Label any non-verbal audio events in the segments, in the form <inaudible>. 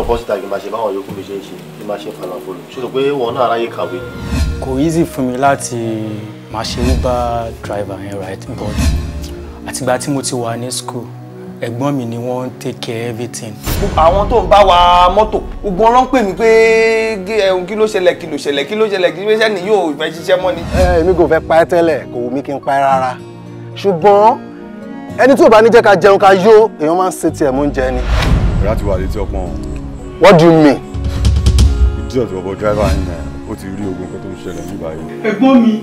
náà bọ́ síta kí máa ṣe báwọn yòókù mi ṣe ń ṣe kí máa ṣe falafolo ṣe sọ pé wọn náà aráyé kàwé. kò easy fún mi láti máa ṣe uber driver yẹn right but àtìgbà tí mo ti wà ní school ẹ̀gbọ́n mi ni wọ́n ń take care everything. àwọn tó ń bá wa mọ́tò gbogbo wọn ló ń pè mí pé ẹ̀hún kí ló ṣẹlẹ̀ kí ló ṣẹlẹ̀ kí ló ṣẹlẹ̀ kí ló ṣẹlẹ̀ ni yóò fẹ́ ṣiṣẹ́ mọ́ ni. èmi kò fẹ́ pa ẹ́ tẹ́lẹ̀ kò wù mí kí n pa ẹ́ rárá ṣùgbọ́n ẹni tí ò bá ní jẹ́ ká jẹun ká yó èèyàn máa ń ṣe tiẹ̀ mú oúnjẹ ni. ìyá ti wà létí ọpọ́n o. What do you mean? you Idiot ọ̀bọ̀ driver yín náà ó ti rí ogun kan tó ń ṣẹlẹ̀ ní báyìí. Ẹ̀gbọ́n mi,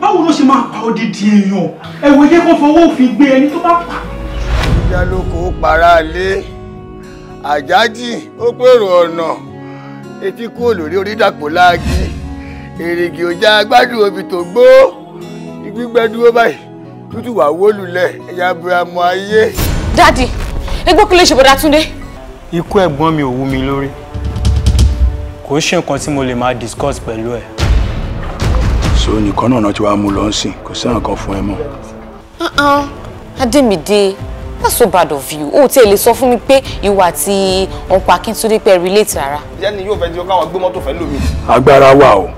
báwo ló ṣe máa pa odidi èèyàn? Ẹ̀wọ̀n jẹ́ kó fọwọ́ òfin gbé ẹni tó bá pa. Ìyá lóko para lé, àjájì ó pèrò ọ̀nà, etí kúrò lórí orídàpọ̀ láàgì, èrìgì ò já gbádùn obì tó gbó, gbígbẹ́ dúró báyìí, tútù wà wó lulẹ̀, ẹ̀yà abúramọ̀ ayé. Dádì, ẹgbẹ́ kí ló ṣe bọ̀dá Túndé? ikú ẹ̀gbọ́n mi ò wú mi lórí kò ṣe nǹkan tí mo lè máa discuss pẹ̀lú ẹ̀. so nìkan náà tí wàá mú lọ sìn kò sẹ́ràn kan fún ẹ mọ́. Uh-uh. Adémídé that's so bad of you o tí ẹ lè sọ fún mi pé ìwà àti ọkọ Akíntúndé pé relate rárá. ìyá ni yóò fẹ́ di ọkọ àwọn gbé mọ́tò fẹ́ lómi. agbára wà o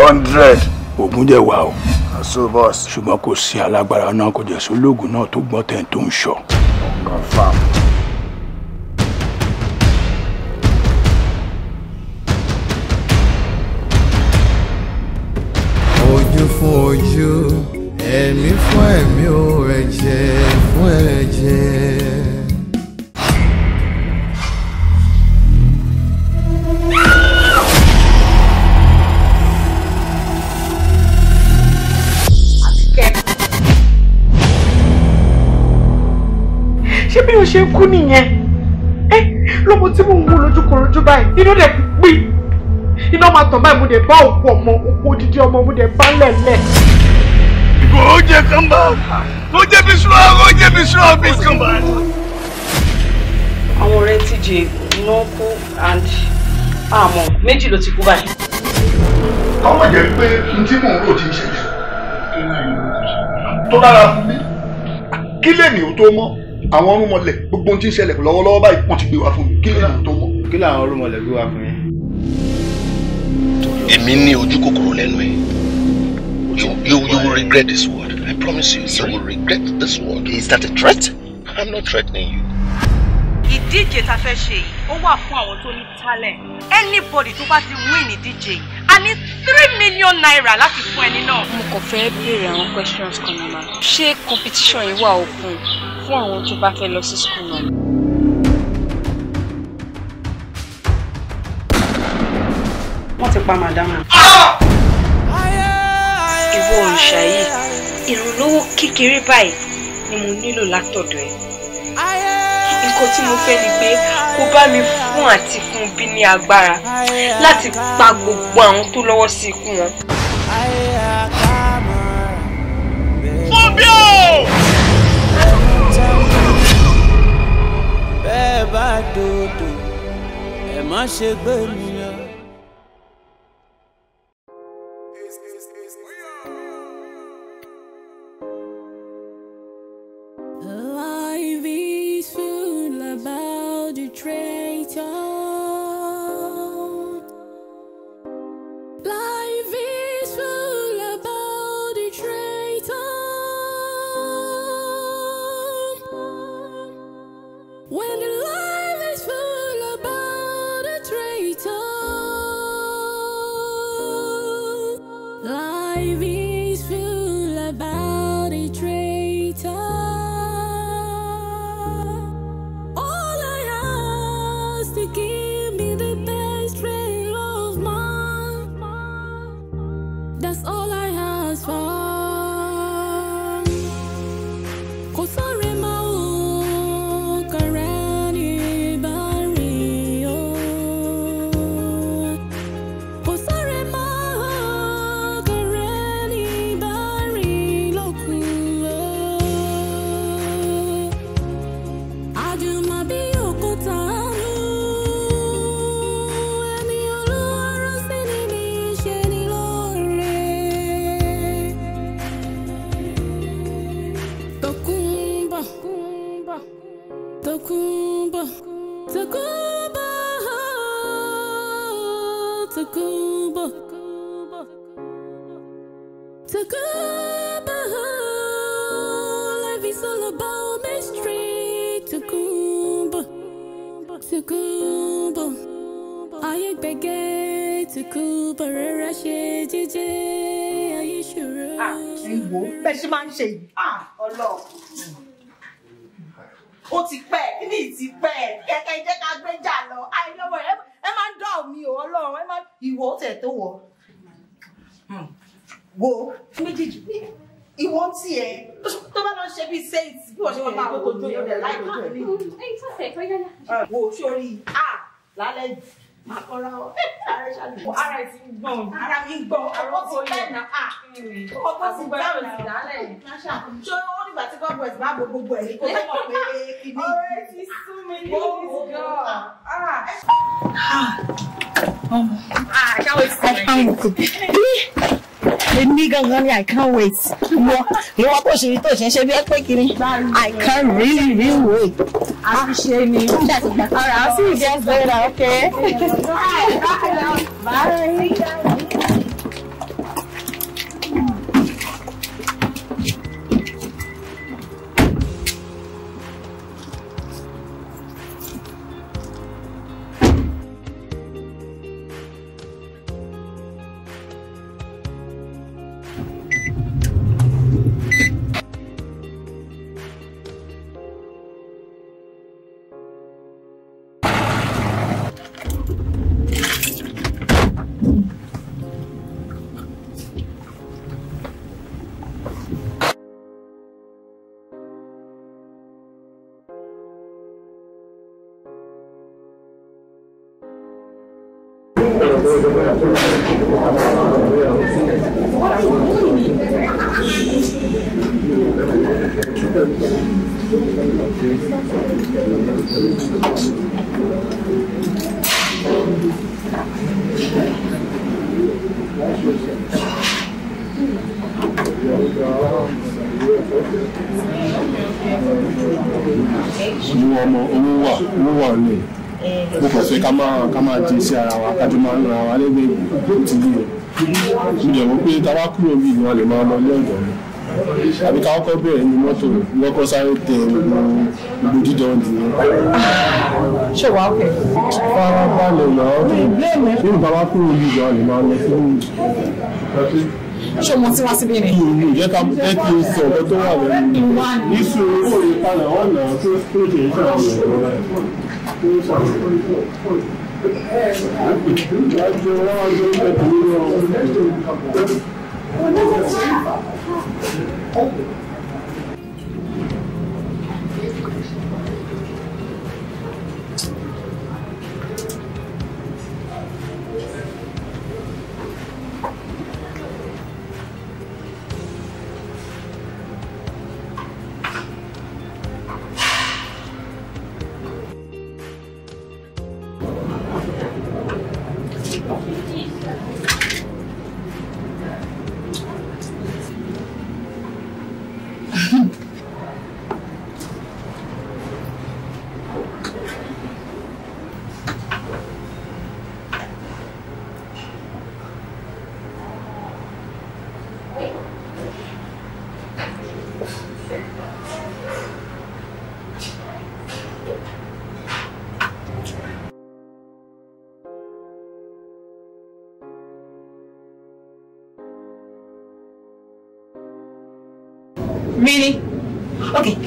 hundred ogun jẹ wà o. àṣọ bọ́ọ̀sì. ṣùgbọ́n kò sí alágbára náà kò jẹ́ sólógùn náà tó gbọ́n tẹ̀ tó ń ṣọ. confam. ojú ẹ̀mí fún ẹ̀mí o ẹ̀jẹ̀ fún ẹ̀jẹ̀. ṣé bí o ṣe ń kú nìyẹn ẹ lọmọ tí mò ń wò lójúkorojú báyìí inú rẹ pín iná máa tàn báyìí mo dẹ̀ bá òkú ọmọ òkú odidi ọmọ mo dẹ̀ bá lẹ̀lẹ̀. ìgò oúnjẹ kan bá oúnjẹ bí sùúrù àwọn oúnjẹ bí sùúrù àwọn bíi kan bá. àwọn ọ̀rẹ́ iná kú and àmọ́ méjì ló ti kú báyìí. káwọn jẹ pé n tí mò ń rò ti ń ṣẹlẹ̀ tó dára fún mi kí lèmi ò tó mọ́ àwọn ọrùn mọlẹ̀ gbogbo ohun tí ń ṣẹlẹ̀ lọ́wọ́lọ́wọ́ báyìí wọ́n ti gbé wa fún mi kí lèmi ò tó mọ́. kí làwọn ọrùn mọlẹ̀ gbé wa fún yín èmi ní ojú kòkòrò lẹ́nu ẹ̀ you you you will regret this word I promise you Sorry? you will regret this word. Is that a threat? I'm not threatening you. ìdíje ta fẹ́ ṣe yìí ó wà fún àwọn tó ní talent anybody tó bá ti win ìdíje yìí a ní three million naira láti fún ẹni náà. mo kàn fẹ́ béèrè àwọn questions kan náà ṣé competition yìí wà òkun fún àwọn tó bá fẹ́ lọ sí school náà. pa màdámà. ìwọ òrìṣà yìí ìrànlọ́wọ́ kékeré báyìí ni mo nílò látọ̀dọ̀ ẹ̀ nǹkan tí mo fẹ́ ni pé kó bá mi fún àti fún bí ní agbára láti pa gbogbo àwọn tó lọ́wọ́ sí ikú wọn. Fúnbíò. bẹ́ẹ̀ bá dòdò ẹ̀ má ṣe gbé mi. ìwò bẹ́ẹ̀ ṣe máa ń ṣe yìí. ọlọ́ọ̀ ó ti pẹ́ kíní ti pẹ́ kẹ́kẹ́ jẹ́ ká gbé jà lọ àìlọ́wọ́ ẹ máa ń dọ̀ mí o ọlọ́run ẹ máa ìwọ tẹ̀ tó wọ. wo méjèèjì ìwọ tí ẹ tó bá lọ ṣe bíi séètì bí wọ́n ṣe wọ́n máa wọ́n tó jó yọ̀dẹ̀ láì káàkiri. wo sórí a lálẹ́ yìí máa kọ́ra ọ ara ṣàlùkò ara ẹ̀ ti ń gbọ̀n ara mi ń gbọ̀n ọkọ ti bẹ́ẹ̀ náà à ọkọ ti bẹ́ẹ̀ náà ti dálẹ̀ ṣé ó nígbà tí gbọ́gbọ́ ẹ̀sìn bá bo gbogbo ẹ̀ kó tó mọ̀ pé kìíní. ọ̀rẹ́ ti sún mi ní ìgbà. ọmọ àṣà wo ìsinmi èmi gangan ni i can't wait ìwọ ìwọ tó ṣe tó ṣe ń ṣe bí ẹ pé kiri i can't really really wait. a ti ṣe ni ọ̀rọ̀ àti ìjẹun ṣe é ra ok. bye bye. ká kọ́kọ́ bẹ̀rẹ̀ ní mọ́tò lọ́kọ́ sáré tẹ gbogbo dídán nìyẹn. ṣé wàá kẹ. fara balẹ̀ náà bí n bàbá kúrò yìí lọ lè máa lọ fún mi. ṣé mo ti wá síbí ni. mi ò ní ìjẹ́ ká ẹ kí n sọ ọ̀gá tó wà lẹ́nu mi. níṣu owó ìpalẹ̀ ọ̀nà tó tó jẹ́ ìṣàlẹ̀ ọ̀rẹ́ 我那个啥，他。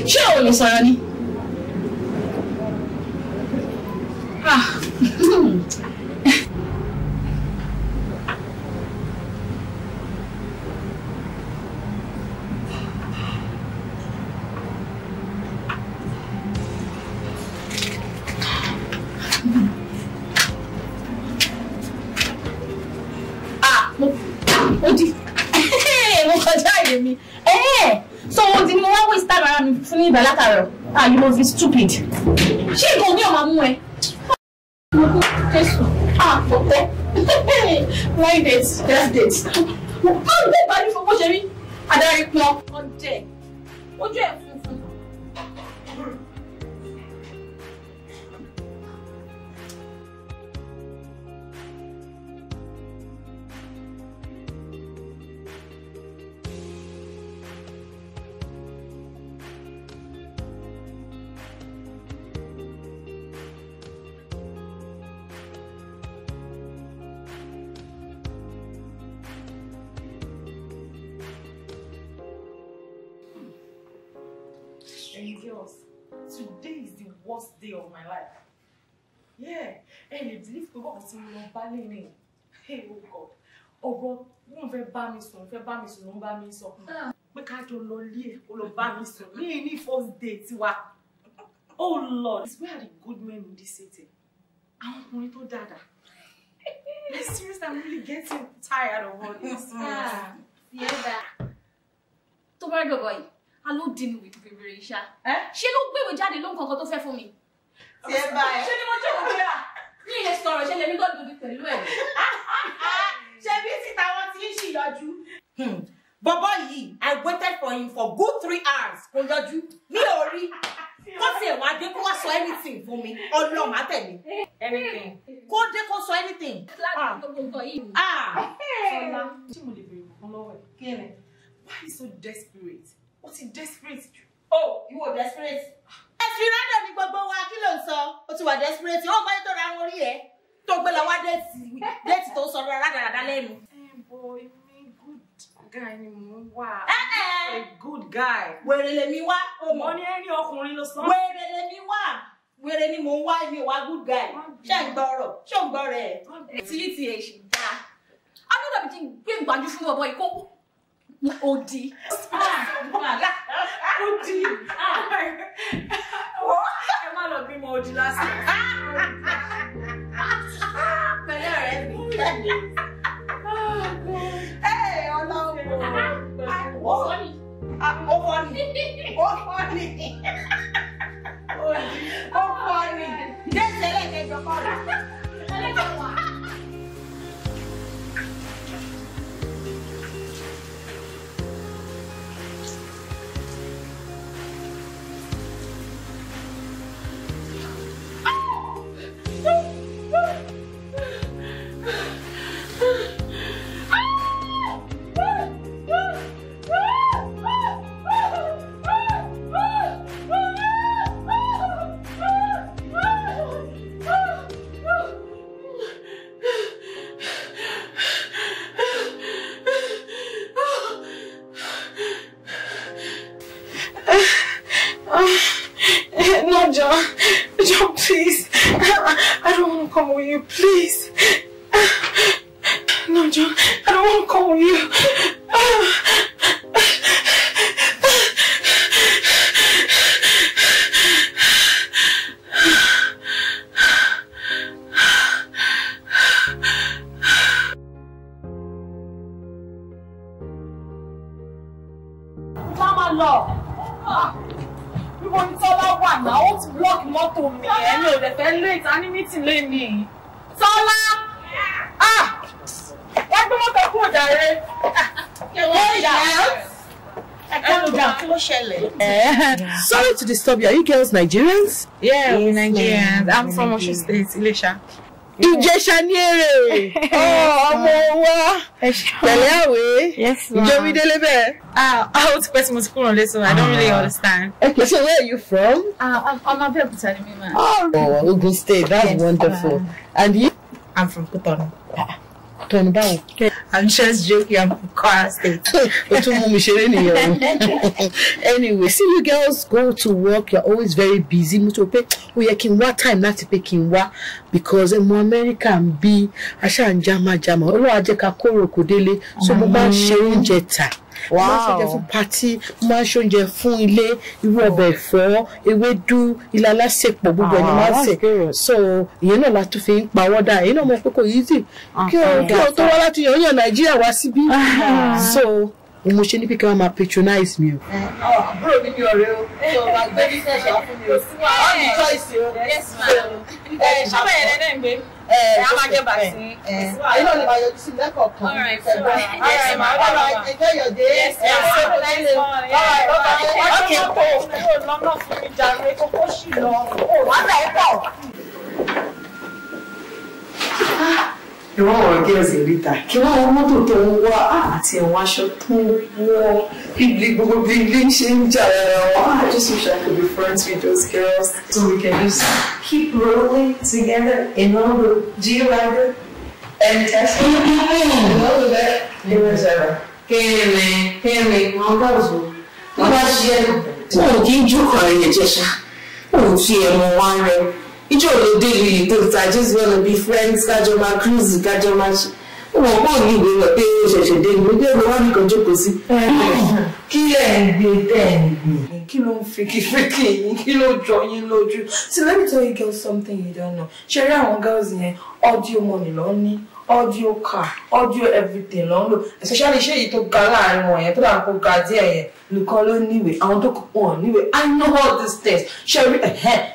笑我呢，说你。are you must stupid. She nǹkan mi ò máa mú ẹ. ah pọ̀pọ̀. <laughs> why this? just this. baálé ni oh ọ̀rọ̀ wọ́n fẹ́ bá mi sùn fẹ́ bá mi sùn ló ń bá mi sọ pé ká jọ lọ lé ẹ̀ kó lọ bá mi sùn ní ní first day tiwa <laughs> oh lord it's where are the good men in this city àwọn ọkùnrin tó dada. like seriously i'm really getting tired of all this. <laughs> Ah, tó bá rí bọ̀bọ̀ yìí a ló dín ní wípé bèrè iṣá eh? ṣé ló gbéwèé jáde ló ń kankan tó fẹ́ fún mi. ṣé ni mo jẹ́ òkúta mi lè sọ̀rọ̀ ṣe lèmi gbọ́dọ̀ dúdú pẹ̀lú ẹ̀. ṣé bí síta wọn ti ń ṣìyọjú. Hmm. bọ́bọ́ yìí i waited for him for good three hours kò yọjú mi ò rí kó tiẹ̀ wá dé kó wá sọ anything fún mi ọlọ́run á tẹ̀lé. kó dé kó sọ anything. láti ah. gbogbo nǹkan yìí. sọlá ah. ṣé mo lè bèrè nǹkan lọ́wọ́ ẹ̀ kí why you so desperate o ti desperate. oh you were desperate. Desperado ni gbogbo wa kí ló ń sọ? O ti wà desperate, ó máa ń tọ́ra wọn rí ẹ. Tó gbé lọ wá déètì déètì tó ń sọ rádaràdá lẹ́nu. good guy ni mo wà. Good guy. Wèrè lèmi wá. Mo ní ẹni ọkùnrin ló sọ. Wèrè lèmi wá wèrè ni mò ń wá èmi wá good guy ṣé ń gbọ́ ọ̀rọ̀ ṣé ń gbọ́ ọ̀rẹ́ ẹ̀ tí yìí ti ẹ̀ ṣì dáa. a gbọ́dọ̀ bí kí gbé ìgbàjú fún ọ̀bọ ìkókó OD. OD. What? Ẹ má OD lásán. Pẹ̀lú ọ̀rẹ́ Hey, Ẹ ọlọ́wọ́. Ó fọ́nì. Ó fọ́nì. Ó fọ́nì. Ó Eh, sorry to disturb you. Are you girls Nigerians? Yeah, We Nigerians. I'm from Osun State, Ilesha. Ìjẹ̀ṣà ní <laughs> Oh, ọmọ wa pẹ̀lẹ́ àwẹ̀ ìjọmídélé bẹ́ẹ̀. Ah, ó ti pẹ́ tí mo on this one. I don't really ah. understand. Okay, eh, so where are you from? Ah, Ọmọ Abẹ́òkúta ni mi ma. Ah. Oh, Ogun State, that's wonderful. And you? I'm from Cotonou. Ah tọ̀nù báwo. i'm just joking i'm from Kwara State. o tún mú mi ṣeré nìyẹn o. <laughs> anyway see you girls go to work you are always very busy mo tó pé ó yẹ kí n wá time láti pé kí n wá because ẹmu America, ń bí aṣáájàmájàmá olúwa jẹ́ ká kóró kò délé so mo bá ń ṣe oúnjẹ tà. Mm mo máa ń ṣoúnjẹ fún patí máa ń ṣoúnjẹ fún ilé irú ọbẹ̀ ẹ̀fọ́ ewédú ilé alásèpọ̀ gbogbo ẹni ah, máa ń so ìyẹn náà la tún fi ń pa wọ́dà ìyẹn náà mo pé kò yí dì ah, kí o ah, tó wá láti yàn yàn nàìjíríà wá síbí so òun mo ṣe ní pé kí wọ́n máa patronize mi o. àbúrò mi ni ọ̀rẹ́ o tó o bá gbé ní ṣẹ̀ṣẹ̀ fún mi o ọ̀ ní choice o. ṣọ́bẹ̀ yẹn lẹ́nu ìgbé ẹ̀ á máa jẹ́ bàtí. ẹ̀ ló lè máa yọjú sí lẹ́kọ̀ọ́ kan ṣẹ̀gbọ́n ẹ̀ máa bá wa ẹjọ́ yọ̀dé ẹ̀ ṣe kò lẹ́yìn báwa ẹ̀ lọ́ba ẹ̀ ọ̀kẹ́ kò kúrò lọ́nà fún mi jàre kókó sì lọ ìwọ ọ̀rọ̀ gẹ́ẹ̀sì ríta kí wọ́n wọ́n mọ́tò tó ń wá ah, àti àwọn aṣọ tó ń wọ́ bíbí gbogbo bí ilé ṣe ń jà ara wọn ah, I just wish I could be friends with those girls so we can just keep rolling together in all the G-Wagon and Tesla and all mm-hmm. of that new reserve. kéèmé kéèmé wọn bá òzò wọn bá ṣiṣẹ́ wọn ò kí ń jókòó ẹ̀yẹ̀ jẹ́ṣà wọn ò fi ẹ̀mọ wá rẹ̀ ijó ló dé ìlú tó ta jésù ọ̀nà bíi friends kájọ máa cruise kájọ máa ṣe ó mọ̀ pé òní ìwé rẹ̀ pé ó ṣẹ̀ṣẹ̀ dé ìlú dé ìlú so let me tell you girls something you don't know ṣe rí àwọn girls yẹn audio money lọ audio car audio everything ló lò especially ṣé èyí tó ga láàrin wọn yẹn tó dà kó ga díẹ̀ yẹn nìkan ló níwèé àwọn tó kàn wọn níwèé i know all these things ṣẹ́rí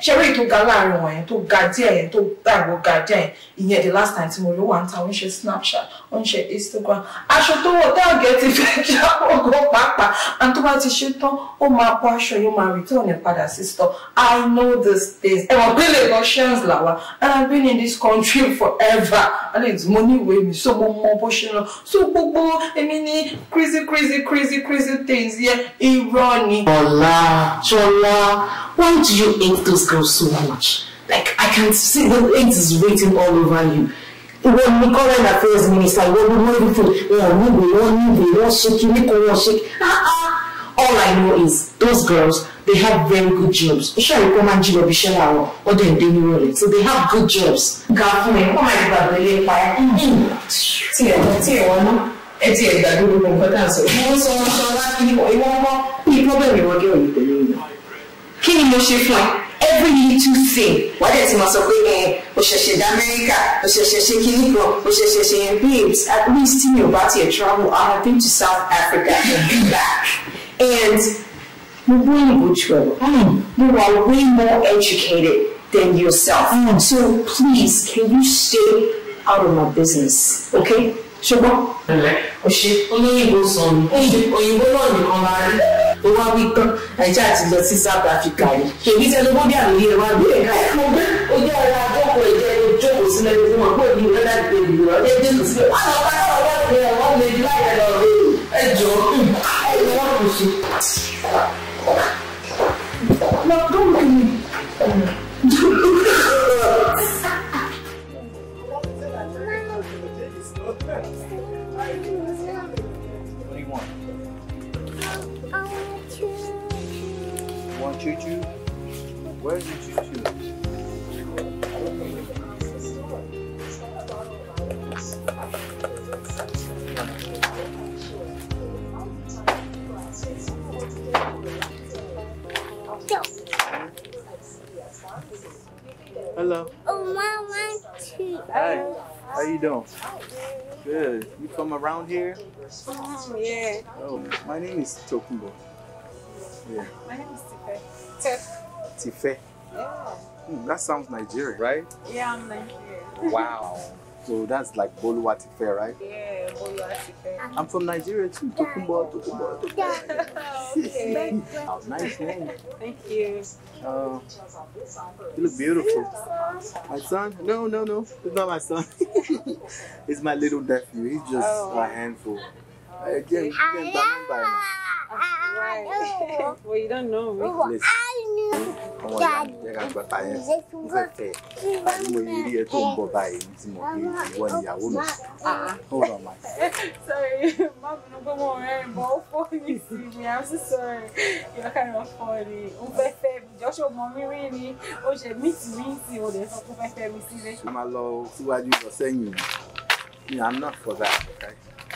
ṣẹ́rí èyí tó ga láàrin wọn yẹn tó ga díẹ̀ yẹn tó dàgbò ga díẹ̀ yẹn ìyẹn the last time tí mo rí wà ń ta wọ́n snapchat ó ń ṣe instagram aṣọ tó wọ táàgì ẹ ti fẹ́ <laughs> já ọgọ́ pàápàá and tó bá ti ṣe tán ó máa bọ́ aṣọ yóò máa return ẹ̀ padà sí store i know this things ẹ̀wọ̀n pé lè làwa and i've been in this country forever at least mo ní ìwé mi so mo mọ bó ṣe lọ so gbogbo èmi ní crazy crazy crazy crazy things yẹn irọ́ ni. ọ̀la ṣọlá why do you hate those girls so much like i can see the hate is written all over you ìwọ ni current affairs minister ìwọ ni wọ́n fi wọn níbi wọn níbi wọn ṣe kíní kan wọn ṣe ah, ah. all i know is those girls they have very good jobs iṣẹ́ ìkọ́ máa ń jí lọ bí iṣẹ́ làwọn ọdẹ ìdè ní rọlẹ̀ so they have good jobs. ga fún ẹ kọ́ máa ń gbàgbọ́ ilé pa hmm. tí ẹ̀ wọ́n tí ẹ̀ wọ́n ná ẹ ti ẹ̀ gbàgbọ́ gbogbo nǹkan tá à ń sọ ìwọ́n sọ ọ́n sọ ọ́n láti ìwọ́n mọ́ kí problem ìwọ́n gé òyìnbó lóyún kí ni mo ṣe fún ẹ. every little thing wà á dẹ̀ ti mọ̀ sọ pé ẹ o ṣẹ̀ṣẹ̀ dá amẹ́ríkà o ṣẹ̀ṣẹ̀ ṣe kinní kan o ṣẹ̀ṣẹ̀ ṣe yẹn babes at least tí mi ò bá tiẹ̀ travel I have been to South Africa and be back and mo gbóyìnbó jù ẹ lọ hmm. you are way more educated than yourself hmm. so please can you stay out of my business okay ṣùgbọ́n. ọ̀ṣẹ́ olóyìnbó sọ̀rọ̀ òyìnbó náà you go rí. ó wá wí tán ẹjẹ àti lọ sí South Africa yìí èmi tẹ lọ́wọ́ bí àmì yẹn wá gbé ẹ̀ka ẹ̀ mo gbé ojú ọ̀la àjọpọ̀ ìjẹ́ ìjókòó sílẹ̀ fún wọn pé èmi ìrẹ́lẹ̀ ti tẹ̀lé ìrọ̀ ẹ̀ jẹ́ kò sílẹ̀ wọn lọ́ọ́ bá lọ́wọ́ bá tẹ̀lé ọ̀wọ́ mi láyé lọ ẹ jọ ẹ kò ṣe. lọ gbọ́n Where did you choose? Hello. Oh, Mama. Hi. how you doing? Good. You from around here? Oh, yeah. Oh, my name is Tokumbo. Yeah. My name is Tipe. <laughs> Tife. Yeah. Oh. Mm, that sounds Nigerian, right? Yeah, I'm Nigerian. Wow. So that's like Boluwa Tife, right? Yeah, Boluwa Tife. I'm from Nigeria too. Tokumbo, Tokumbo, Tokumbo. <laughs> okay. oh, nice name. Thank you. Uh, you look beautiful. My son? No, no, no. It's not my son. it's <laughs> my little nephew. He's just oh. a handful. I can't stand gba nọ́mbà ẹ̀ náà. Well, you don't know me. Please. Ọmọ ìyá mi jẹ́ ká gbàtà yẹn. Mo fẹ́ fẹ́ ẹ̀ ní mo yẹ rí ẹ tó ń bọ̀ báyìí ní tí mo fi ìwọ ni ìyàwó mi. Hold on, my. Sorry, má bínú pé mo rẹ̀ ẹ̀ bọ̀ ó fọ́ mi sí mi. I'm so sorry. You're kind of funny. Ó fẹ́ fẹ́ mi. Jọ́sọ̀ mọ mi rí ni. Ó ṣe mítì mítì. Ó dẹ̀ sọ pé ó fẹ́ fẹ́ mi sílé. Ṣé máa lọ síwájú lọ sẹ́yìn? I'm not for that.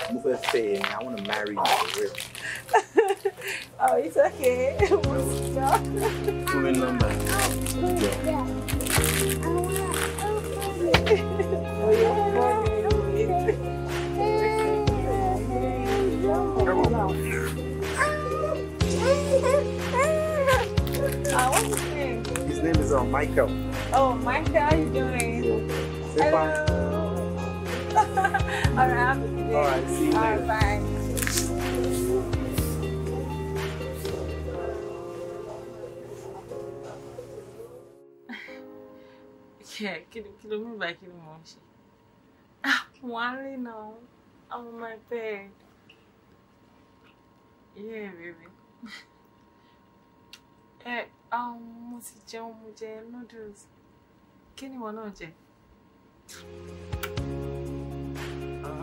I wanna marry you for real. <laughs> oh it's okay mo sì jọ. fún mi nọ́mbà Oh His name is uh, Michael. Oh, Michael, how you doing? Hello. All right. <laughs> All right, see you later. All right, bye. Yeah, kí ló mú ìgbà kí ni mò ń ṣe? Wọ́n my bed. Yeah, baby. <laughs> Eh, um, mo ti jẹun, mo jẹ noodles. Kí ni ìwọ náà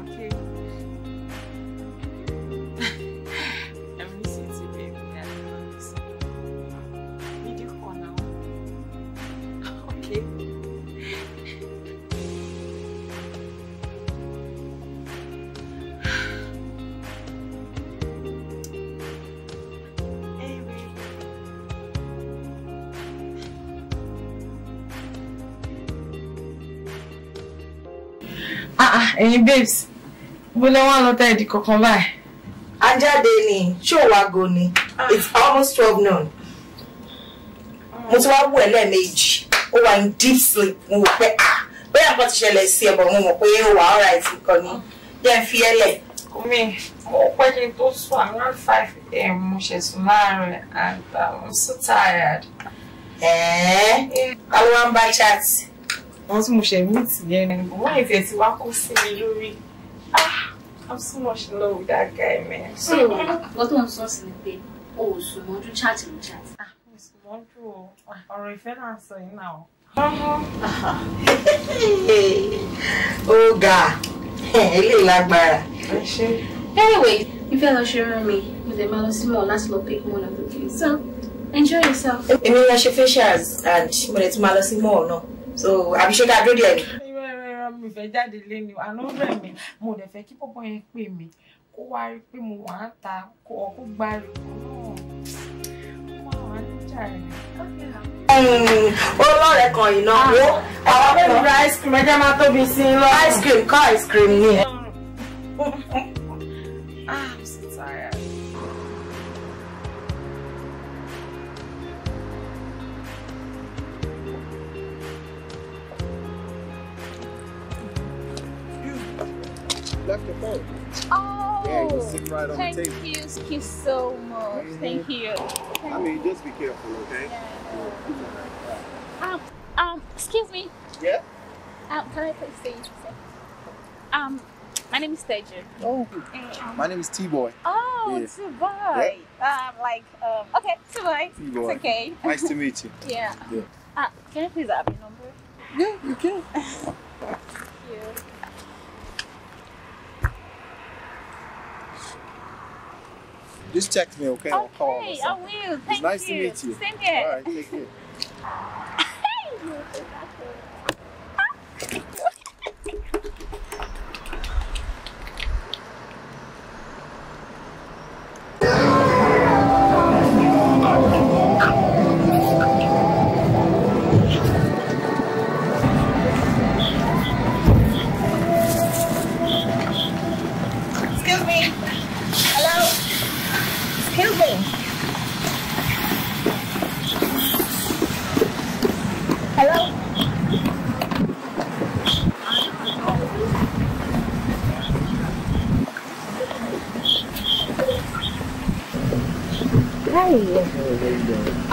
Okay. ẹ̀yin babes bó lẹ́ wọ́n á lọ tá ẹ̀dì kankan báyìí. a jáde ni ṣòwágo ni ah. it's almost twelve noon mo ti wá wù ẹ́ lẹ́ẹ̀mejì ó wà ní deep sleep mo wò pé ah bóyá nǹkan ti ṣẹlẹ̀ sí ẹ bọ̀ mo mọ̀ pé ó wà ọ̀rọ̀ àìsàn kan ni jẹ́ ń fi ẹ́ lẹ̀. omi mo pẹ́ kí n tó sùn around five a.m. mo ṣe sùn and um, I'm so tired. ẹ̀ẹ́ káwọn wá ń bá chat àwọn tí mo ṣe meet yẹn ni mo wáyé ti wá kó sí mi lórí ah i'm so much in love with that guy man. so <laughs> nǹkan tó ń sọ sí ni pé o ò sùn mọ́jú chat ló chat. ah mo sùn mọ́jú o ọ̀rọ̀ ìfẹ́ náà sọ yín náà. ó ga eléyìí lágbára. anyway ìfẹ́ lọ ṣe rán mi mo dẹ̀ máa lọ sí mọ̀ láti lọ pick one of the kids so enjoy yourself. èmi lọ ṣe facials and mo dẹ̀ tún máa lọ sí mọ̀ náà so àbí ṣé ká dúró díẹ̀ ni. mi fẹ́ jáde lé ni àná rẹ̀ mi mo dẹ̀ fẹ́ kí pọ́pọ́ yẹn pè mí kó wá rí pé mo wà á ta kó ọ kó gbá rí hmm, ó kan iná àwọn mẹ́rin ice cream ẹjẹ́ máa tóbi sí i lọ. ice cream kọ́ ice cream ni. Ah. Oh, yeah, you sit right on thank the table. you, thank you so much. Mm -hmm. Thank you. I mean, just be careful, okay? Yeah. Um, um, excuse me. Yeah. Um, can I please say Um, my name is Teju. Oh. And, um, my name is T Boy. Oh, yeah. T Boy. Yeah. Um, like, um, okay, T Boy. T Boy. It's okay. Nice to meet you. <laughs> yeah. yeah. Uh, can I please have your number? Yeah, you can. <laughs> Thank you. Just text me, okay? okay I'll call. Okay, I will. Thank it's nice you. to meet you. Same here. All right, take care. <laughs>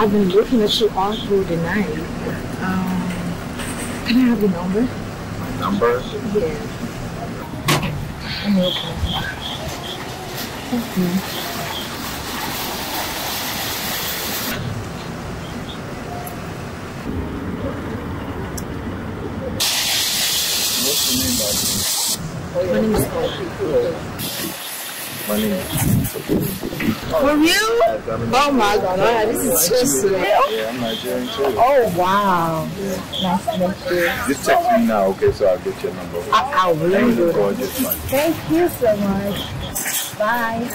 I've been looking at you all through the night. Um, can I have your number? My number? Yeah. I'm okay. Thank you. My name is Paul. My name is. For real? Oh my God, this is just sweet. Yeah, I'm Nigerian too. Oh wow. Nice to meet you. Just text me now, okay, so I'll get your number. I, I will. Thank you, gorgeous, Thank you so much. Bye.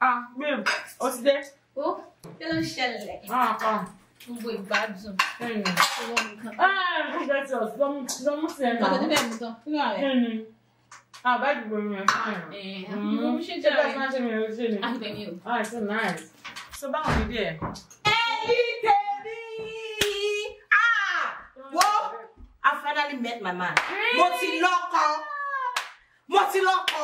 ah babe What's ti dé. ó kí ló ń ah ah gbogbo ìgbádùn. Hmm. owó mi kan. ẹ ẹ get us lọmú sí ẹ náà. ọ̀sẹ̀ nílẹ̀ mi tán fún ààrẹ. Hmm. ah báyìí gbogbo yẹn fún ààrẹ. ẹ ẹ eh, hmm. mo ṣe jẹ́ ẹ ṣe mi ò ṣe ni. àgbẹ̀ ah, mi ah it's so nice. so báwọn bíbí ẹ. ẹyin tèmi ah wo I finally met my man. mo ti lọ́kọ mo ti lọ́kọ.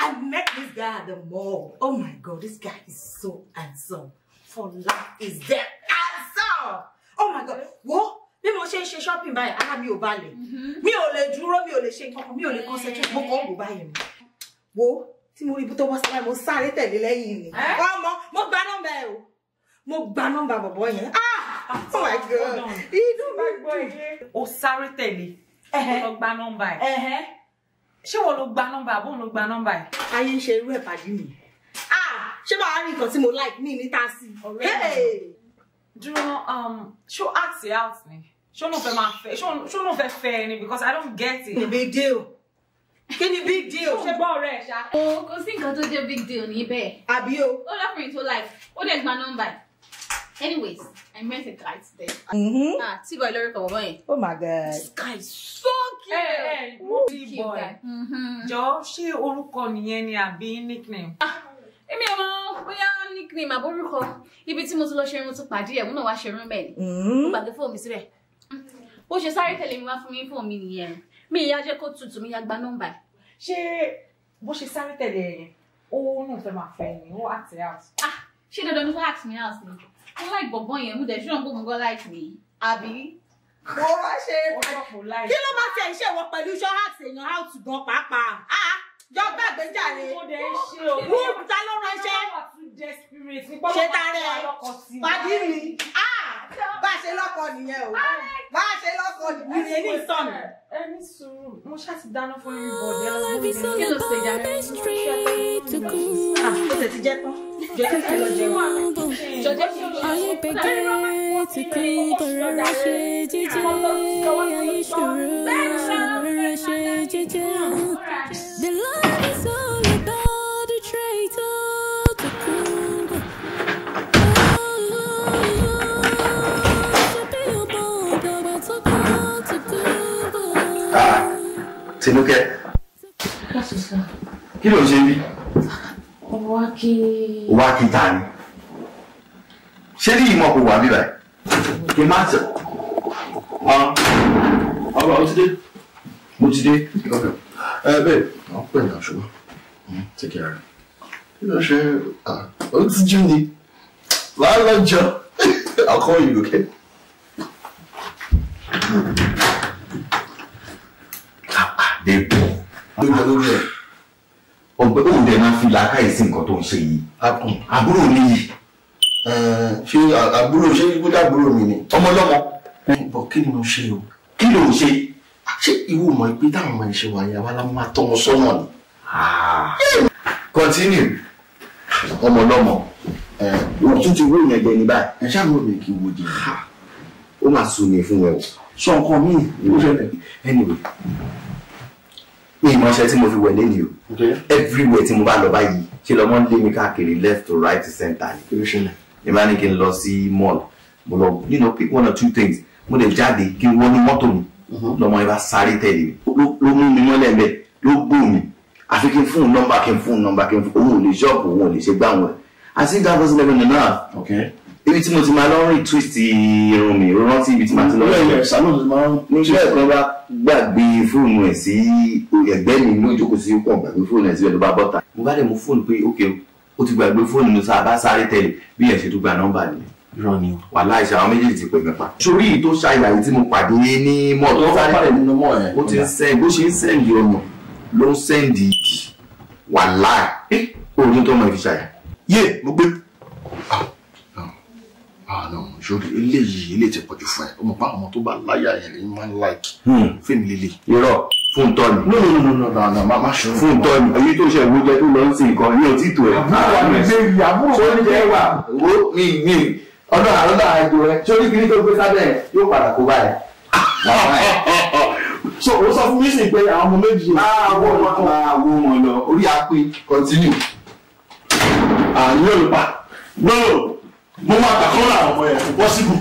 I met this guy at the mall. Oh my God, this guy is so handsome. For life is dead handsome. Oh my God, what? Me, mo ṣe ń ṣe shopping by. ara mi ò balẹ̀. Mm-hmm. Mi ò lè dúró, mi ò lè ṣe nǹkan, mi ò lè concentrate, mo kàn ń wò báyìí ni. You tí mo rí ibi tó bọ́ sí báyìí, mo sáré tẹ̀lé lẹ́yìn ni. Eh? Ọmọ, mo gba nọ́mbà ẹ̀ Mo gba nọ́mbà bọ̀bọ̀ yẹn. Ah! Oh my God, inú mi dùn. O sáré tẹ̀lé, o lọ gba nọ́mbà ẹ̀ ṣé wọn ló gba nọ́mbà àbóun ló gba nọ́mbà ẹ. ayé ń ṣe irú ẹ̀ pàdé mi ah, ṣé màá rí nǹkan tí mo like ní níta sí. ọ̀rẹ́ mi dúró um, ṣó act it out ni ṣó ló fẹ́ máa fẹ́ ṣó ló fẹ́ fẹ́ ni because i don't get it. ìbí dé o kí ni big deal ṣe gbọ́ ọ̀rẹ́ ẹ̀ ṣá. o oh, kò sí nǹkan tó jẹ́ big deal níbẹ̀. àbí o. ó lọ́kùnrin tó like ó dẹ̀ gba nọ́mbà ẹ̀ anyways i met a guy today. Mm-hmm. ah tí bọ̀ lórí kọ̀ọ̀bọ̀ yẹn. oh my god. this guy is so cute. ẹ ẹ mo bí boy mm-hmm. jọ ṣé orúkọ nìyẹn ni àbí nickname. Ah, èmi ò mọ bóyá nickname àbórúkọ ibi tí mo ti lọ ṣe irun tún pàdé ẹ̀ múnà wá ṣe irun bẹ́ẹ̀ ni mm-hmm. mo gbàgbé fóònù mi síbẹ̀ bó ṣe sáré tẹ̀lé mi wá fún mi fóònù mi nìyẹn mi ìyá jẹ́ kó tutù mi ya gba nọ́mbà. ṣé bó ṣe sáré tẹ̀lé ẹ̀ yẹn ó náà fẹ́ máa fẹ́ ni o àti out. ah ṣé dandan ni wọ́n àti mi out ni mo like bọ̀bọ̀n yẹn mo dẹ̀ ṣúná gbogbo nǹkan like mi àbí. mo wá ṣe kí ló máa fi ẹ̀ṣẹ̀ wọ pẹ̀lú ṣọ́hàtì èèyàn how to gan pàápàá ah, jọ gbàgbé jàre wú ta ló ránṣẹ́ ṣe tarẹ̀ pàdí mi á bá a ṣe lọ́kọ nìyẹn o bá ṣe lọ́kọ nìyẹn ní ní ẹni sùúrù mo ṣáà dáná fún yín bọ̀dé ọlọ́gbọ́n mi kí ló ṣe ìjà rẹ̀ ah ó tẹ̀ ti jẹ́ tán jọjọ́ kí ló jẹ́ wọn jọjọ́ kí ló jẹ́ wọn ti kú bọ̀rọ̀ rẹ̀ ṣe jíjẹ́ ayé ṣòro rẹ̀ the love. Tinúkẹ́. Kí ló ń ṣe bí? Wá kí. Wá kí ta ni? Ṣé ní ìmọ̀ kò wà bí báyìí? Kì í má tẹ̀. Ọba ó ti dé. Mo ti dé. Ẹ bẹ́ẹ̀, wọ́n pè ní aṣọ. Hmm, take care. Kí ló ṣe? Ó ti jú ni. Lálọ́jọ́, I'll call you, okay? èpò ló jẹ lórí ẹ ọgbẹ òun dẹ máa fi làákàyè sí nǹkan tó ń ṣe yìí àbúrò mi yìí. ṣé àbúrò ṣé ikú dàbúrò mi ni. ọmọlọmọ. bọ kí ni mo ṣe o. kí ló ń ṣe. ṣé ìwọ mọ̀ pé táwọn ọmọ ìṣe wà yà wà lá máa tọ́ wọn sọ́nà ni. Ah. continue ọmọlọmọ wọ́n tún ti wó yẹn jẹ ní báyìí. ẹ ṣáà ló lè kí wo jẹ ó máa sùn ní fún ẹ o. sọ nǹkan míì ó ṣẹlẹ̀ anyway ìmọ̀ṣẹ́ tí mo fi wẹ̀ lẹ́nu o everywhere tí mo bá lọ báyìí ṣe lọ́mọ ń lé mi káàkiri left to right to center ni ìmọ̀ ni kí n lọ sí mall mo lọ you know pick one or two things mo lè jáde kí n wọ́n ní mọ́tò mi mhm. lọ́mọ ibà sáré tẹ̀lé mi ló mú mi mọ́lẹ̀ mẹ́ ló gbó mi àfi kí n fún un nọ́mbà kí n fún un nọ́mbà kí n fún un òun ò lè ṣọ́ọ̀bù òun ò lè ṣe gbà wọn I think that was eleven and a half. Okay ibi tí mo ti máa lọ rìn twist irun mi ò rántí ibi tí màá ti lọ rìn twist nígbà kan bá gbàgbé fóònù ẹ̀ sí ẹ̀gbẹ́ mi ló jókòó sí kàn gbàgbé fóònù ẹ̀ síbẹ̀ ló bá bọ́ta mo bá dẹ̀ mú fóònù pé ok ó ti gbàgbé fóònù mi sáà bá sáré tẹ̀lé bí ẹ̀ ṣe tó gba nọ́mbà nìyẹn irọ́ ni o. wàhálà ìṣe àwọn méjèèjì ti pè mí pa. sórí èyí tó ṣàyà yìí tí mo pàdé ní mọ́ tó sáré tẹ̀ nínú mọ́ ẹ̀. ó ti ń sẹ́ǹd bó ṣe ń sẹ́ǹdì ọmọ ló ń sẹ́ǹdì ìdì wàhálà ẹ̀ òun tó mọ̀ ìfi ṣàyà. yé mo gbé àná ah, sórí eléyìí eléyìí ti pọ̀jù fún ẹ o mọ̀ pé àwọn ọmọ tó bá láyà yẹn lè máa ń láìkì fèmí líle. irọ́ fún tọ́ni. no no no no no no ma ma ṣe. fún tọ́ni èyí tó ṣe ìwújẹ tó lọ sí nǹkan ní òtítù ẹ̀. àbúrò mi ṣe ìyàbúrò mi jẹ́ wà wo mi mi ọ̀dọ̀ àwọn ọ̀dọ̀ àjò rẹ̀ sórí kiri tó gbé sábẹ́ yóò padà kó báyìí <laughs> so o sọ fún mi sì pé àwọn ọmọ méjì. máa wọ wọn máa wọ wọn lọ orí apin continue. àyè ah, olùpa. no mo máa gbà kán láàrọ̀ ọmọ ẹ̀ kò pọ́sibù.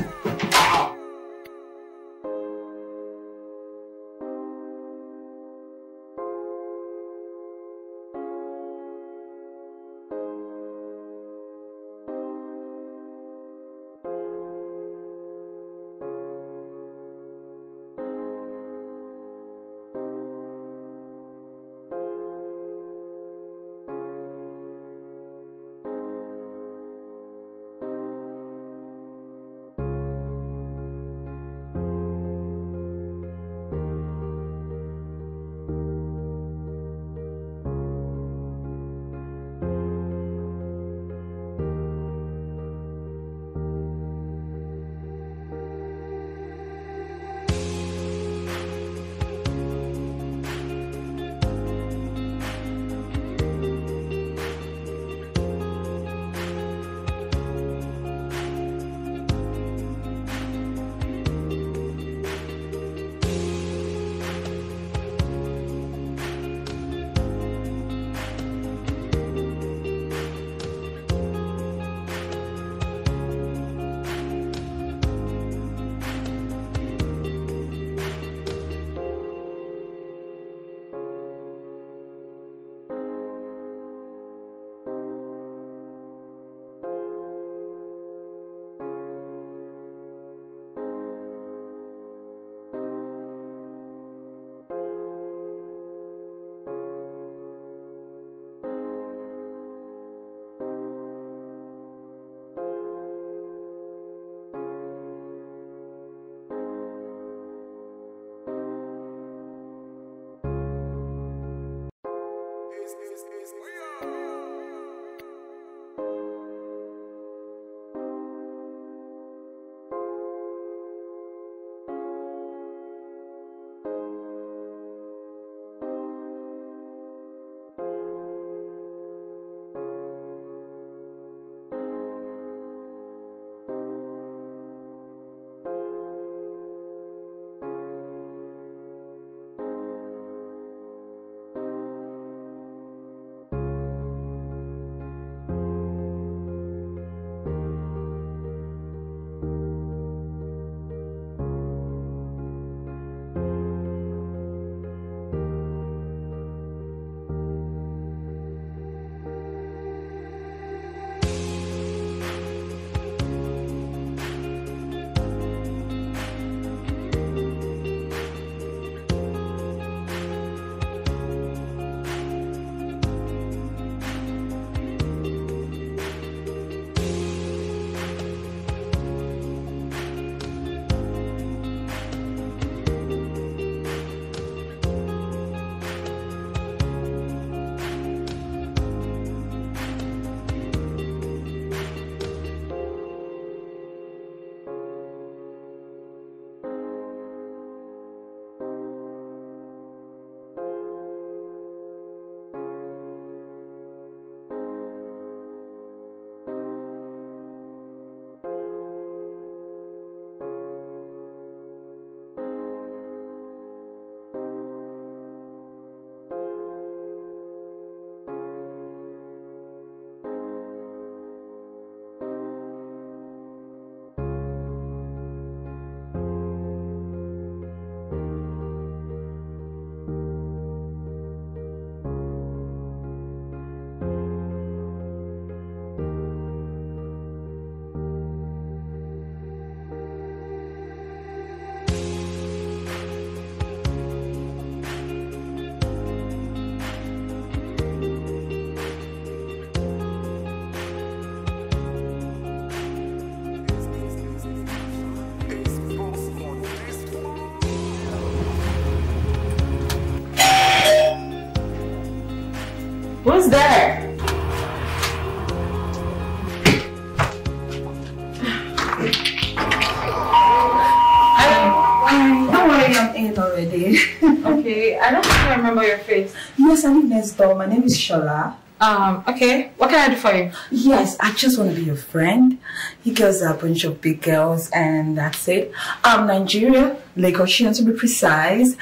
remember your face. Yes, I live next door. My name is Shola. Um, okay. What can I do for you? Yes, I just want to be your friend. He girls are a bunch of big girls and that's it. Um, Nigeria, Lagosian to be precise.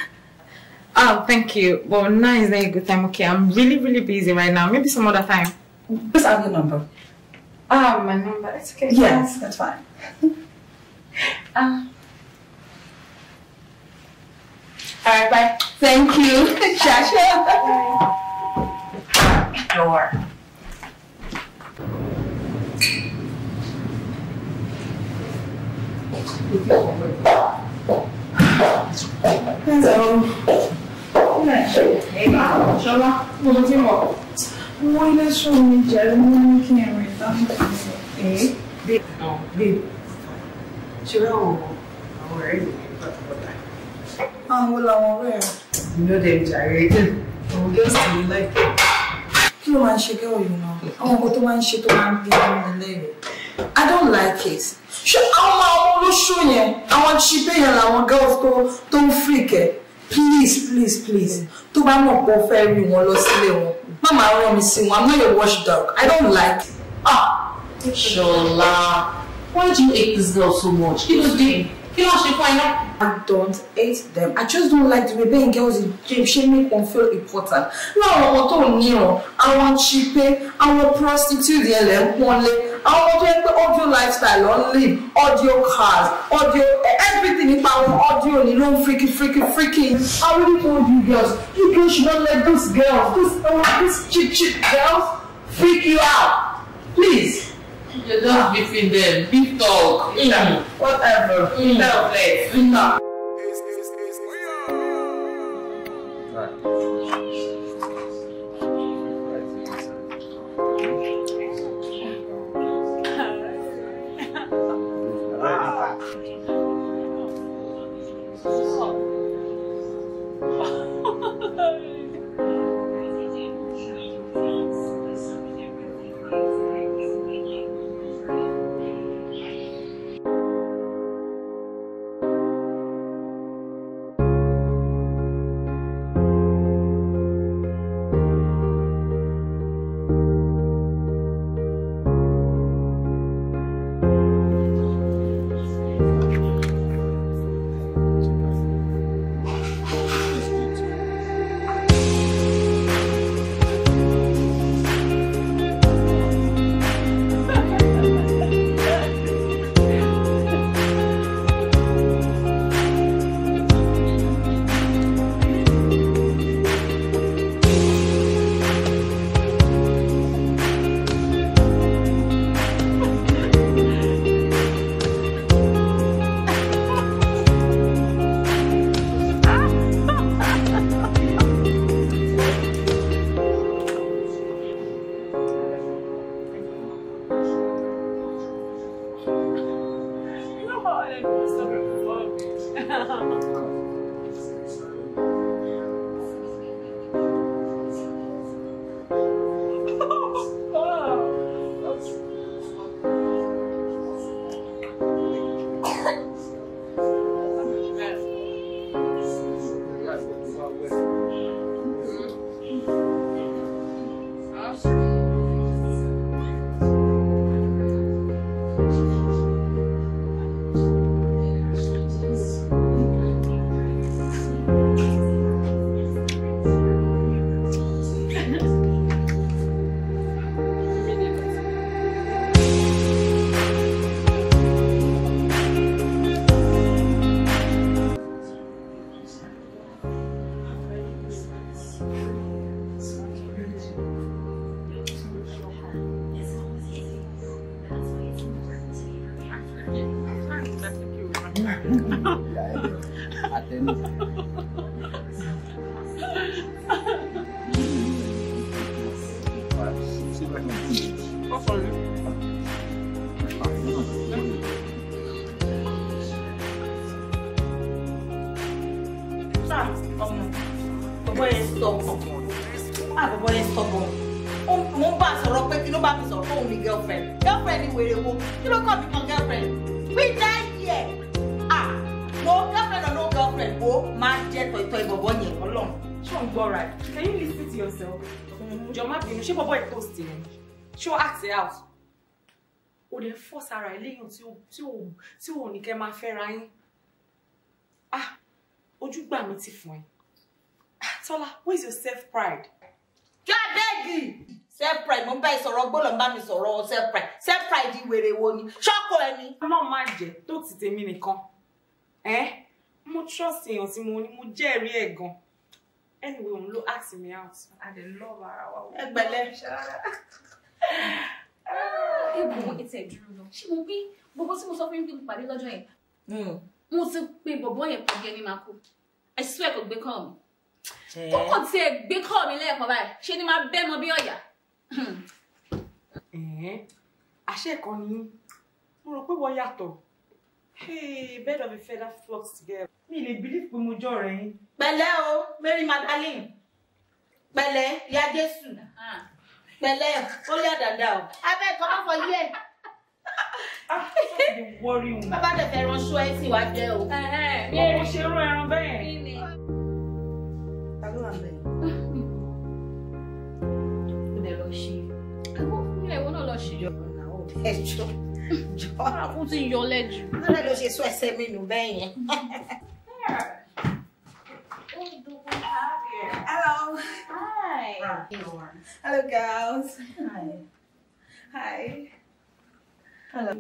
Oh, thank you. Well, now is not a good time. Okay, I'm really, really busy right now. Maybe some other time. Just have your number. Ah, oh, my number. It's okay. Yes, that's fine. um, <laughs> All right, bye. Thank you, Shasha. <laughs> Door. Hello. Hey, Bob. Shola, what do you want? Why did show me Babe. Oh, babe. Àwọn wo làwọn ọ̀rẹ́ rẹ̀? Ìlú dẹ̀ jàre dé. Òun gé sì ní lẹ́kẹ̀. Kí ló máa ń ṣe gẹ́rọ yìí náà? Àwọn ọkọ tó máa ń ṣe tó I don't like it. Ṣé àwọn àwọn olóṣù yẹn, àwọn chibé yẹn làwọn girls to don't freak ẹ̀? Please, please, please. To bá mọ̀ pé ó fẹ́ rí wọn lọ sílé wọn. Má máa rán mi sí I'm not your watchdog. I don't like it. Ah! shola. why do you hate this girl so much? It was dé? kí ló ṣe fún ẹ I don't hate them. I just don't like the way bẹ́ẹ̀ girls dey ṣe make one feel important. Láwọn ọmọ tó ní ọ, àwọn chipe, àwọn prostitute yẹn lè ń pọ́nlé, àwọn ọmọ tó yẹ pé audio lifestyle ló ń audio cars, audio everything nípa àwọn audio ni ló ń freaky freaky freaky. I really told you girls, you girls should not let those girls, those those cheap cheap girls freak you out. Please. You just between them, big talk, mm. whatever, mm. selfless, òun tí òun ní kẹ́ máa fẹ́ra yín ah ojúgbà mi ti fún ẹ ah, Tọ́lá where is your self pride. jọ abẹ́ẹ̀gì self pride mo ń bá ẹ sọ̀rọ̀ gbọ́dọ̀ ń bá mi sọ̀rọ̀ self pride self pride di wèrè wo ni ṣọ́kọ ẹni. ọlọ́run máa jẹ́ tó ti tèmi nìkan ẹ́ mo trust èèyàn tí mo ní mo jẹ́rìí ẹ̀ gan-an anyway òun ló ask me out i dey love ara wa. ẹgbẹ̀lẹ́. ìbùkún ètò ìdúró lọ ṣé mo gbé gbogbo tí mo sọ fún yín pé mo pàdé lọ́jọ́ yẹn mo ti pe bọ̀bọ̀ yẹn kò gé mi máa kú i swear kò gbé kọ́ mi kókò tí ẹ gbé kọ́ mi lẹ́ẹ̀kan báyìí ṣé ni máa bẹ́ mọ bí ọ̀yà. àṣẹ kan ni mo rò pé wọ́n yàtọ̀ hey bird of a feather flocks together mi lè believe pé mo jọ rẹ yín. pẹ̀lẹ́ o Mary Magdalene pẹ̀lẹ́ ya Jésù ah. pẹ̀lẹ́ ó yà dáadáa o abẹ́ẹ̀kọ́ àfọ̀yí ẹ̀. bàbá dẹ̀ fẹ́ ránṣọ ẹ sì wá jẹ́ o. ọmọ ṣe rún ẹran bẹ́ẹ̀. ta ló wà bẹ́ẹ̀. ó lè lọ ṣe. ẹ̀wọ̀n fún mi ẹ̀wọ̀n náà lọ ṣe. ìjọba náà ó bẹ̀ jọ. jọra ah, kó ti yọ lẹ́jù. bàbá ló ṣe sọ ẹsẹ̀ mi nù bẹ́ẹ̀ yẹn. Hello. Hi. Ah, Hello, girls. Hi. Hi. Hello.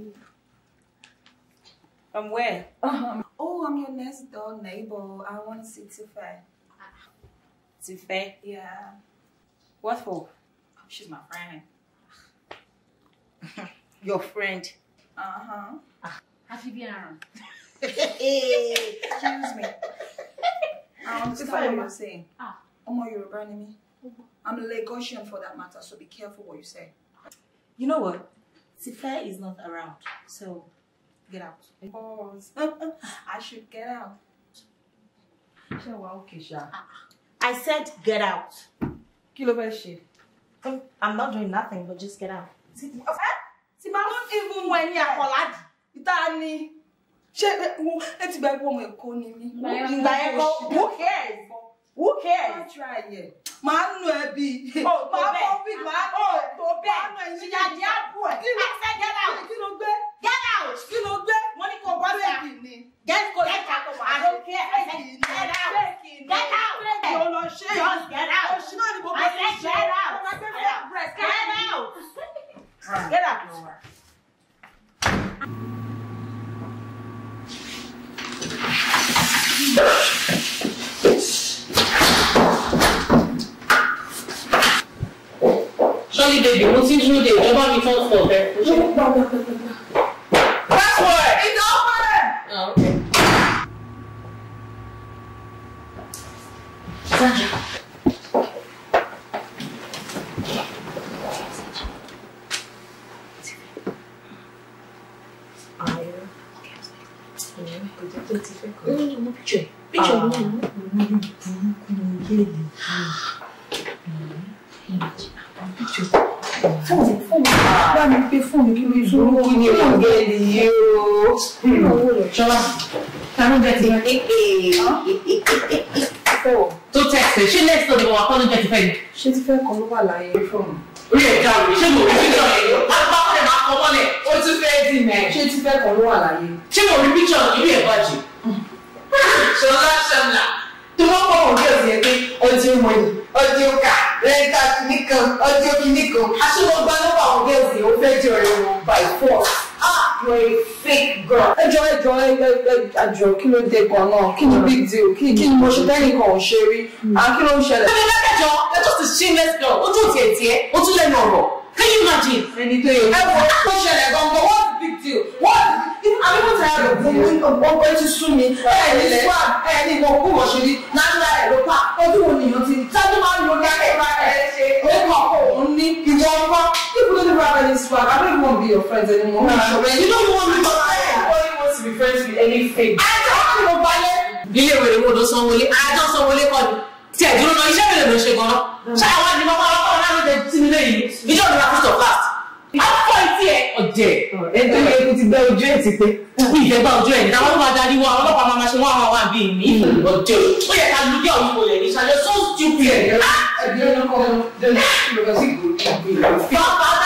am where? Um, oh, I'm your next door neighbor. I want to see Tifa. Tifa? Yeah. What for? she's my friend. <laughs> your friend? Uh-huh. Have you been around? Excuse me. Um, <laughs> Tifa, what you're saying. Ah. Omo are burning me. I'm a Lagosian for that matter, so be careful what you say. You know what? Tifa is not around, so get out. Pause. <laughs> I should get out. I said get out. Kí ló oh, I'm not doing nothing, but just get out. Ti eh, ma even when you're àkọ̀lájì. Ìta ni. Ṣé eh, ẹ ti gba ẹgbẹ́ ọmọ who cares? Who cares? Don't try máa ń nu ẹbí máa bọ́ bí máa bọ́ tó bẹ́ẹ̀ ìyá ni á bù ẹ̀ ẹsẹ̀ gẹ́lá o kí ló gbé gẹ́lá o kí ló gbé wọ́n ní kò bọ́ sí ẹbí ni gẹ́lá kò lẹ́ka kò máa ló kí ẹsẹ̀ gẹ́lá o gẹ́lá o yóò lọ ṣe é gẹ́lá o ṣì náà ni mo bá ti ṣe gẹ́lá o gẹ́lá o gẹ́lá o. Yeah. ní bèbí mo ti ń dúró de ìjọba mi fún ọ̀fẹ́. Ṣàlùjẹ ti fẹ́. Tó ṣé next ọ̀dọ̀ wà kọ́ ló jẹ ti fẹ́ ni? Ṣé ti fẹ́ kọ́ ló wà láyé fún mi? Orí ẹ̀ dá mi, ṣé mo rí píṣọ̀ yìí? Apá ọ̀rẹ́ máa kọ́ mọ́lẹ̀, ó tún fẹ́ dì mẹ́. Ṣé ti fẹ́ kọ́ ló wà láyé? Ṣé mo rí píṣọ̀ ìlú ẹ̀ bàjẹ́? Ṣọlá ṣọlá, tó wọ́n kọ́ òkè ọ̀sẹ̀ yẹn pé ọjọ́ ìmọ̀yìn, ọjọ́ ìkà, rẹ́ńtà kìnnìkan, ọjọ́ kìnnìkan. Aṣọ́wọ́gbá ló jẹ́ ọ̀rẹ́ wọn by force ah you're a fake girl. ẹjọ ẹjọ ẹjọ kí ló dé gan náà kí ni big deal kí ni mo ṣe tẹ́nìkan ò ṣe rí àá hmm. ah, kí ló ń ṣẹlẹ̀. ẹni lákàjọ ẹ tó ti shameless girl ojú òtí ẹ̀ tiẹ̀ ojú lẹ́nu ọ̀rọ̀ can you imagine. ẹni tó yẹ kó kó ṣẹlẹ̀ gangan what's the big deal what àbí mo tẹ̀lé àlọ́ fún mi ọgbẹ́ ti sú mi ẹ̀ ní swag ẹ̀ ní mo kú mọ̀ ṣe rí ẹ̀ ló pa ojú wo nìyàn ti ṣáájú máa ní akẹ́kọ̀ọ́ don't have any swag. I don't even want to be your friends anymore. No, you don't want me to Nobody wants to be friends with any fake. I don't want to buy it. Ilé ìwé ìwé òdo sanwó-olé, àjọ sanwó-olé kọ́ ni. Tí ẹ̀ dúró náà, iṣẹ́ mi lè lọ ṣe gan-an. Mm. Ṣé àwọn àdìmọ́ máa ń kọ́ ọ́nà lóde tí mi léyìí? Ìjọ mi ra first of last. Àpọ̀ ìtì ẹ̀ ọ̀jẹ̀. Ẹ̀jẹ̀ mi kú ti gbẹ ojú ẹ̀ ti pé. Ìjẹ́ gbà ojú ẹ̀ ní àwọn ọlọ́pàá darí wọn, àwọn ọlọ́pàá máa ṣe wọ́n àwọn àwọn àbí mi. Mm. Ọ̀jẹ̀ ó yẹ ká lu bí àwọn ìwòye ní ṣáájú so stupid. Ẹ̀jẹ̀ ló kọ́ ọ́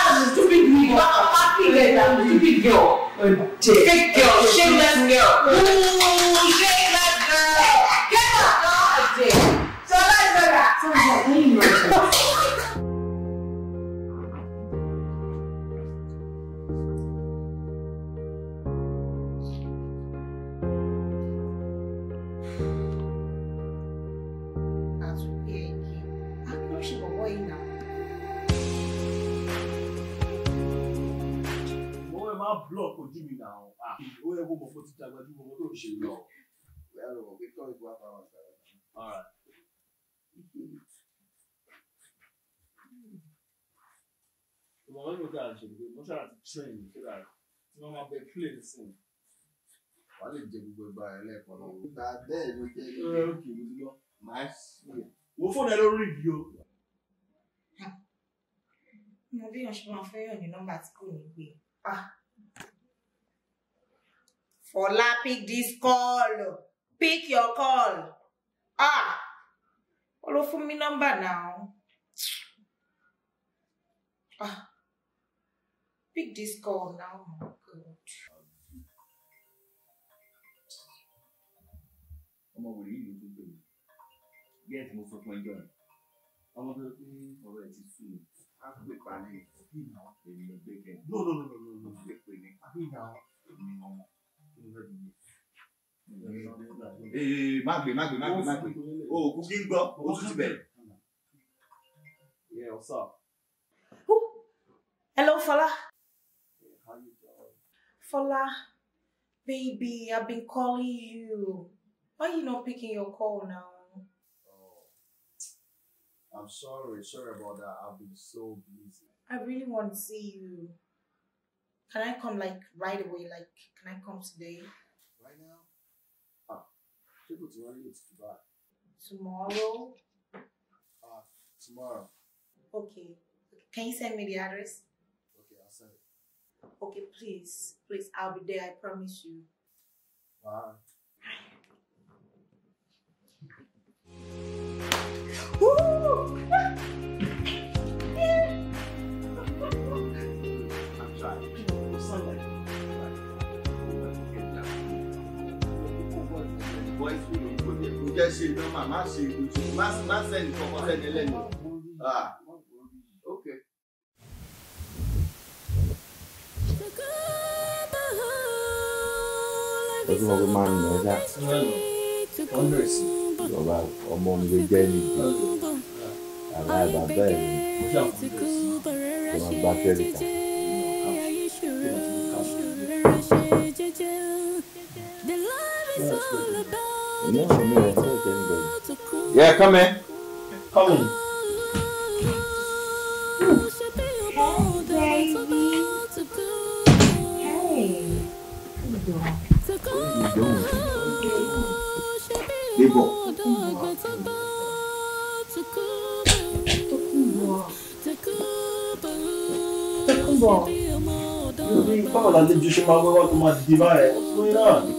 lên là những girl, kiểu cái kiểu shameless girl Ooh, shameless girl cái mặt đó chị cho lên rồi ạ xong rồi thấy người kó mọ̀ fún ti dàgbà ju gbogbo tó ń ṣe lọ. bẹ́ẹ̀ ló mọ̀ pé tọ́ ìgbà bá wọn sọ̀rọ̀. ìmọ̀ wọn ló dára ṣe pé mo ṣáà ti train kíra tí wọ́n lè jẹ gbogbo ẹgbà rẹ lẹ́ẹ̀kan náà. nígbà bẹ́ẹ̀ ló jẹ́ ilé òkè mi lọ màá sí wo fóònù ẹ lórí ìbí o. mo bí wọn máa fẹ́ yàn ní nọ́mbà tí kò ní gbé. Fola, pick this call. Pick your call. Ah! Olo fún me number now. Ah. Pick this call now. my God. Ọmọ wòlíì yìí ló tún pè Gẹ́ẹ̀tì mo sọ fún ẹjọ́ rẹ̀. Ọmọ tó pé ọ̀rọ̀ ẹ̀ ti sú mi. Á pè pa ní èmi ọ̀gbẹ́kẹ̀. No no no no no no. Á pè ní. Á pè àwọn èmi ọmọ. má oh, Yeah, what's up? Hello, fella. Hey, how you doing? Fola, baby, I've been calling you. Why are you not picking your call now? Oh, I'm sorry. Sorry about that. I've been so busy. I really want to see you. Can I come like right away? Like, can I come today? Right now? Oh, people tomorrow it's Dubai. Tomorrow? Uh, tomorrow. Okay. Can you send me the address? Okay, I'll send it. Okay, please. Please, I'll be there. I promise you. Bye. jẹ́ ṣe nọ́mà má ṣe ìgbòjì má sẹ́ni kankan sẹ́ni ẹlẹ́ni. Okay. tọ́jú wọn fi máa ń nà ẹ́ ṣá. ìjọba ọmọ mi ló jẹ́ nìgbà àrà bàbá ẹ̀ ni ìjọba bá fẹ́ẹ́ ta. The love is all about No, no, I can't anybody. Yeah, come in. Come on. Hey, baby. Hey. What are you doing? Debo. Takumbo. Takumbo. You're being foul. I did you should my way out to my device. What's going on?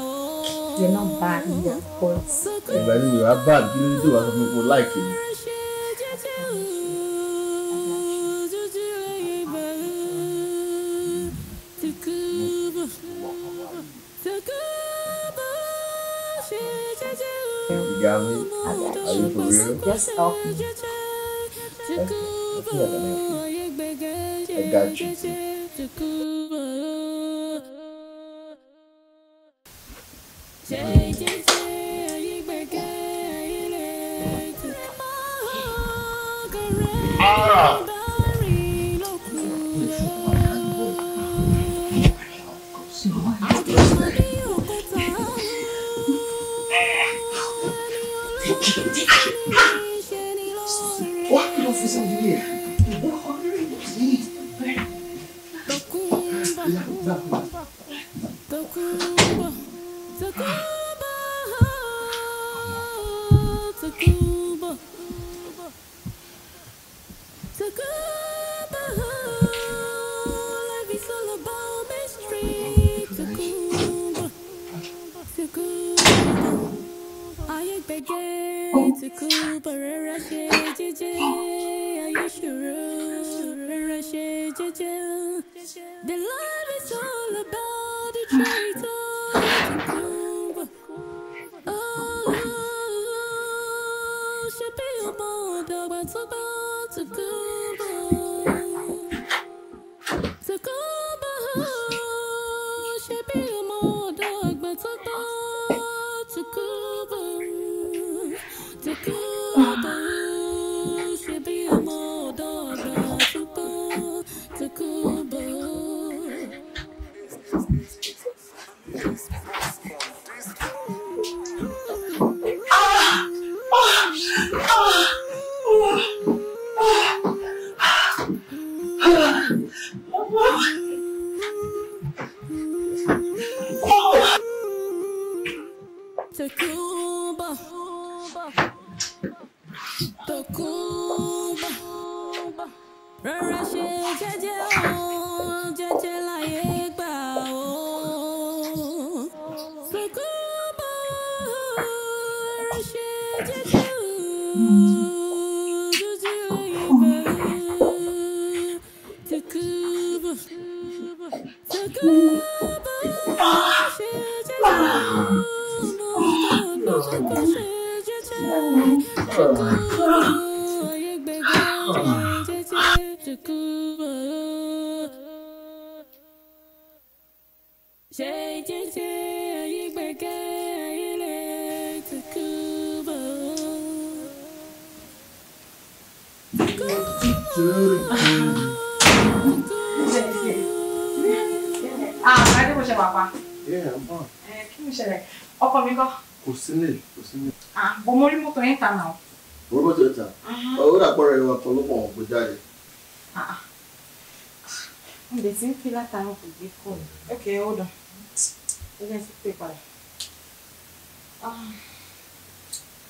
you're not bad either, but. Ìgbà ni you are bad, kí ló dé wàá sọ fún mi kó mi. got me? Are you for real? Just help me. Okay. I got you. Wá kí ló fi sẹ́yìn rí ẹ̀? mọ́tò yín ta náà. owó mọ́tò yín ta owó dàpọ̀ rẹ̀ wà kan ló pọ̀ wọ́n kó jáde. ǹdè ah, ah. tí ń fi látàrí kò gbé kọ́ mi. ok hold on ẹ jẹ́ sí pé padà. Ah,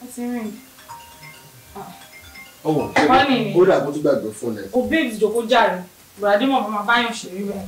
ó ti rìn. ọwọ́ ó dà bó tún gbàgbé fún ẹ. kò bẹ́ẹ̀ ìdìjọ kó jáde bùrọ̀dé mọ̀ fún ma báyọ̀ ṣe rí bẹ́ẹ̀.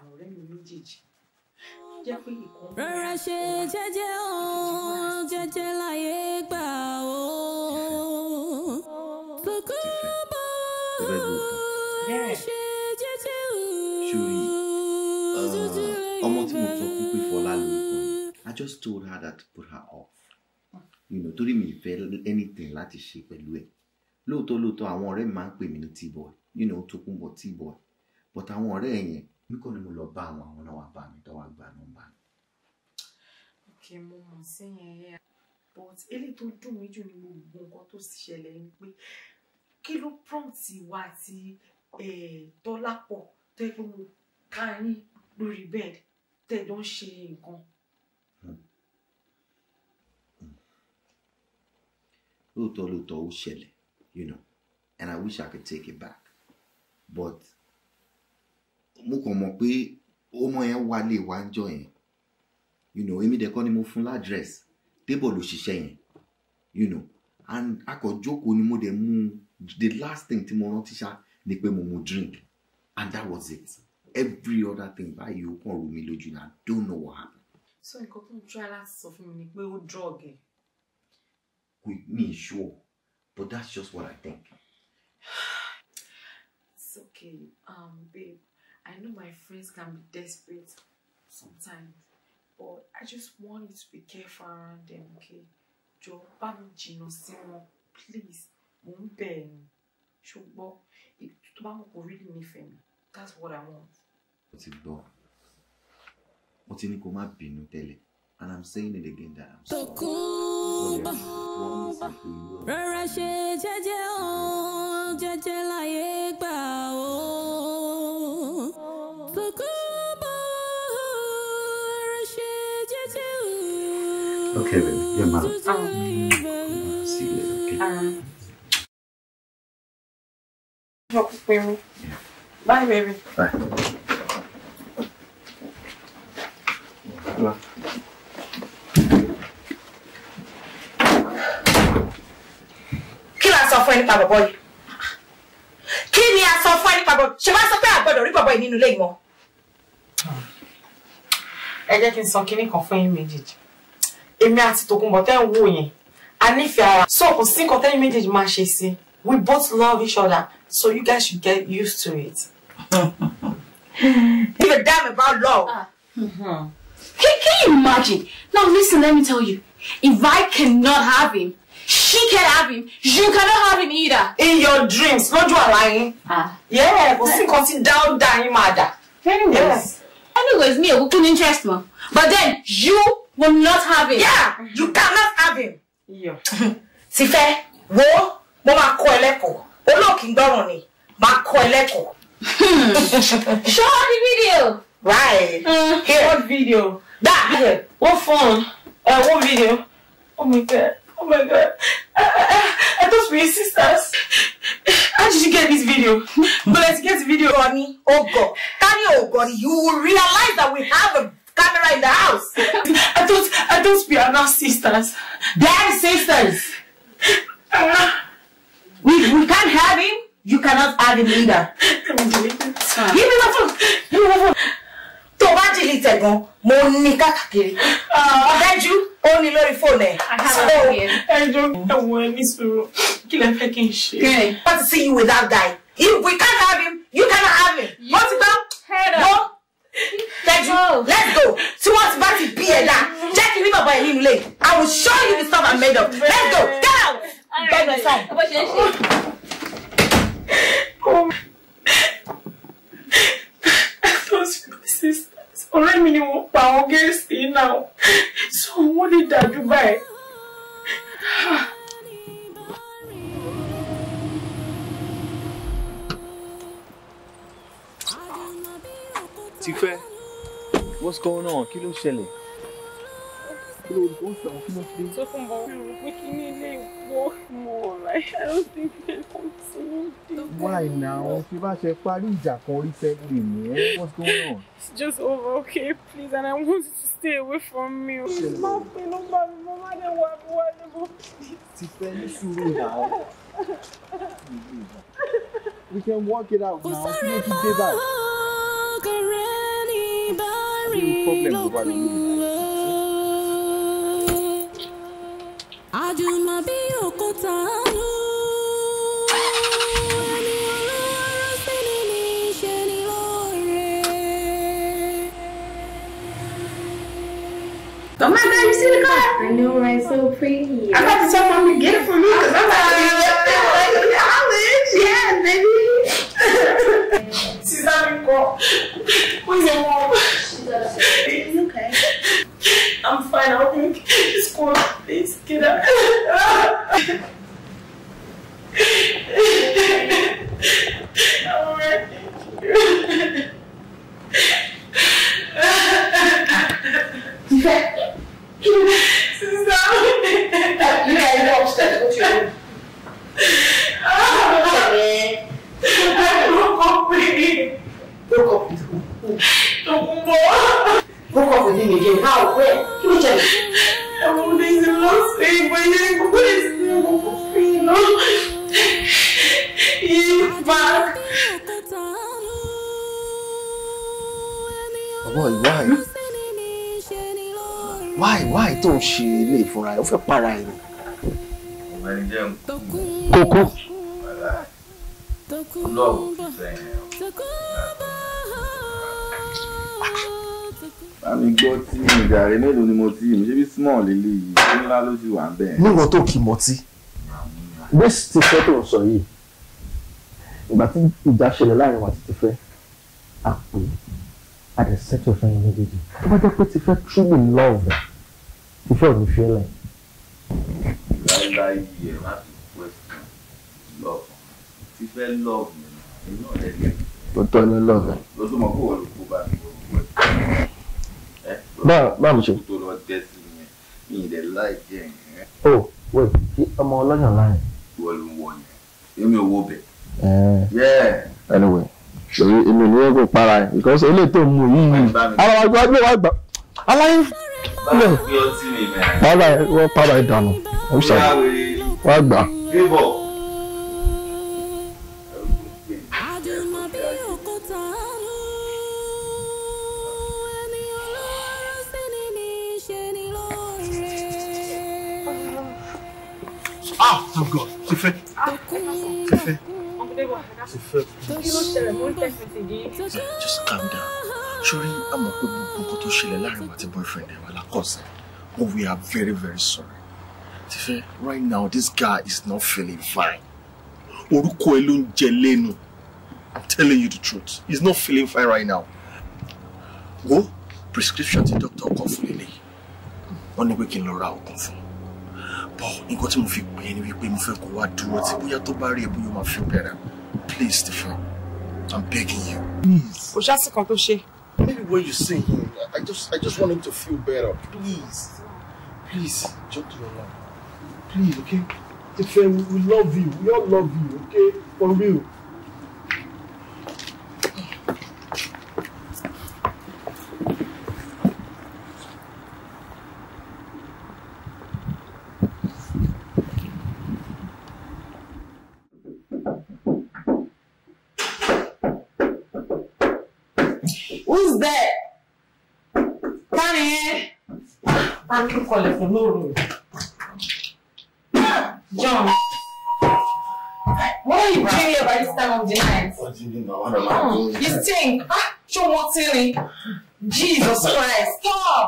àwọn ọ̀rẹ́ mi méjèèjì ah, jẹ́ ṣe jẹ́jẹ́ o jẹ́jẹ́ láyé gbà o kókó ṣe jẹ́jẹ́ o dúdú ah, rẹ ọmọ tí mo sọ pé Fọlá ló ń I just told her that to put her off you know torí mi ìfẹ́ anything láti ṣe pẹ̀lú ẹ̀ lóòótọ́ lóòótọ́ àwọn ọ̀rẹ́ mi máa ń pè mí ní T-boy you know Tòkunbọ̀ T-boy but àwọn ọ̀rẹ́ yẹn mi kò ní mo lọ bá àwọn àwọn náà wá bá mi tó wá gba nọ́mbà mi. òkè mo mọ̀ sí yẹn yẹn but eléyìí tó dùn mí jù ní gbogbo nǹkan tó ṣẹlẹ̀ ni pé kí ló prompt wa àti tọ́lá pọ̀ tó yẹ pé mo ká yín hmm. Hmm. you know and I wish I could take it back but mo kàn mọ̀ pé ọmọ yẹn wá lè wá ń jọ yẹn you know èmi dẹ̀ kọ́ ni mo fún ládrẹ́s débọ̀ ló yẹn you know and akọ̀jókòó ni mo dẹ̀ mú the last thing tí mo rántí ṣá ni pé mo mu drink and that was it every other thing báyìí ó kàn rú mi lójú ni i don't know what happened. so nǹkan tó ń try láti sọ fún mi ni pé ó drug ẹ. we me sure but that's just what i think. <sighs> it's okay um, babe I know my friends can be desperate sometimes, but I just want you to be careful around them, okay? Jọ̀ọ́ bá mi please. Mo ń bẹ̀ ẹ́ ni. Ṣùgbọ́n really bá mọ̀ kó that's what I want. Mo ti gbọ́. Mo ti ní kó má and I'm saying it again that I'm sorry. Tòkúnbọ̀ rọra ṣe jẹ́jẹ́ o, jẹ́jẹ́ láyé gbà o. Okay, baby. Yeah, man. Oh. See you later, okay? Um. Yeah. Bye, baby. Bye. Hello. Kí la sọ fún ẹ nípa bọ̀bọ̀ yìí? Kí ni a sọ fún ẹ nípa Boy? Ṣé wàá sọ pé a gbọ́dọ̀ rí bọ̀bọ̀ yìí nínú ilé ìmọ̀? Ẹ jẹ́ kí n sọ kinní kan èmi àti Tòkunbọ̀ tẹ́ ń wò yẹn a ara so kò sí nǹkan tẹ́yìn méjèèjì máa ṣe sí we both love each other so you guys should get used to it. <laughs> give a damn about love. Uh, mm-hmm. can, can you imagine now listen let me tell you if I cannot have him she can have him you cannot have him either. in your dreams no? lójú àlá yín. Ah. yẹ́ẹ̀ kò sí nǹkan tí dáúdà yín máa dà. anyways yeah. anyways me, ò kúkú ní interest mọ́ but then you will not have him. Yeah, you cannot have him. Yeah. <laughs> Tífẹ́, wo, mo ma ko eleko. lẹ́kọ̀ọ́. Olóòkì ń gbọ́ràn ni, máa kọ́ ẹ <laughs> Show the video. Right. Uh-huh. Here. What video? That video. What phone? Uh, what video? Oh my God. Oh my God. I, thought we were sisters. How did you get this video? <laughs> But let's get the video. Oh God. Ogo. oh God. you will realize that we have a camera in the house. <laughs> I don't. I don't speak are not sisters. They're sisters. <laughs> we, we can't have him. You cannot have him either. <laughs> Give me the phone. Give me the phone. Tó bá delete gan, mo ní káàkiri. Ọ̀dájú, ah. ó ní lórí fóònù ẹ̀. Ẹjọ́ ẹ̀wọ̀n ẹ̀ ní sùúrù. Kí lẹ fẹ́ kí I want to see you without that guy. If we can't have him, you cannot have him. What's Mo ti gbọ́. No let's go. Let's go. Towards bá ti bí ẹ dá, jẹ́ kí n rí I will show you the stuff I made up. Let's go. Get out. Bẹ́ẹ̀ ni sáì. Those sisters, ọ̀rẹ́ mi ni wọ́n pa àwọn So wọ́n lè dájú báyìí. ti pẹ́ what's going on kí ló ṣẹlẹ̀ kí ló olùkọ́ why now kí bá ṣe parí ìjà kan orí fẹ́ẹ́lì eh? what's going on. it's just over okay please and I want you to stay away from me. má pè ló bá mi mo má dé wá mi wá ní mo. ti we can work it out now kí ló ti dé báyìí. Don't mind that, you see the car? I know, right? So pretty. I got to tell mom to get it for me because I'm about to be <laughs> Yeah, baby. <laughs> Mrs. Amiko. Who is your mom? She's You okay? I'm fine. I hope you make it Please get up. Sister, you guys go upstairs. Go to your Oh, man. up with me. Broke up with who? Who? Broke up with him again. How? Where? Which I? I'm always in love, saying, but you always know, you know. He's back. Boy, why? Why? Why tó ń ṣe ilé ìfúnra ẹ̀? Ó fẹ́ para ẹ̀ ni. Kókó. Ọlọ́run ti fẹ́ bámi gbọ́ tí ìdàrẹ́ mélòó ni mo ti mi ṣe bí small lélẹ̀ yìí tó ńlá ló ti wà ń bẹ̀. níwọ̀n tó kì í mọtí. bẹ́sì ti fẹ́ tó ń sọ yìí ìgbà tí ìjà ṣẹlẹ̀ láàrin wa ti ti fẹ́ a pè é a dẹ̀ sẹ́tọ̀ fún yín méjèèjì tó bá jẹ́ pé ti fẹ́ truly love ti fẹ́ ò ní fi ẹ̀ lẹ́yìn. láíláí ẹ̀ má fi ti fẹ́ lọ́ọ̀bù mi inú rẹ̀ ni. tó tọ́ ní lọ́ọ̀bù. ló tún kó wọ́n ló kó bá mi wọ́n wọ́n. báà mo ṣe. tó lọ jẹ́ sí mi mi ìdẹ̀ láì jẹ́ yẹn. o oh, wẹ̀ kí ọmọ ọlọ́yàn láyìn. wọ́n ló ń èmi ò wo bẹ̀. Eh. anyway ṣòro èmi ò ní ẹgbẹ́ para ẹ̀ because eléyìí tó mú yìí ara wa gbọ́ gbé wa gbà aláyé. báwo bàbá ẹ wọ́n para ẹ̀ dànù. wọ́n gbà. Ah, oh God, ti fẹ́. Ti fẹ́. Ti fẹ́. Just calm down. I'm a mọ̀ pé gbogbo to tó ṣẹlẹ̀ láàrin wa àti boyfriend ẹ̀ wà lákọ̀ọ́sẹ̀. But we are very very sorry. Ti fẹ́, right now this guy is not feeling fine. Orúkọ ẹ ló ń I'm telling you the truth. He's not feeling fine right now. Go. prescription to doctor kọ fún eléyìí. Wọ́n ní pé kí n bọ̀ nǹkan tí mo fi pè é ni wípé mo fẹ́ kó wá dúró tí bóyá tó bá rí ẹ máa feel better please Stephen I'm begging you. kò ṣáàsì kan tó ṣe. maybe when you see him I just I just want him to feel better please please jump to your please okay Stephen we love you we all love you okay for real. Ọlọ́run. John. What are you doing here by this time of the night? you mean by what am I hmm, ah, Jesus Christ, stop!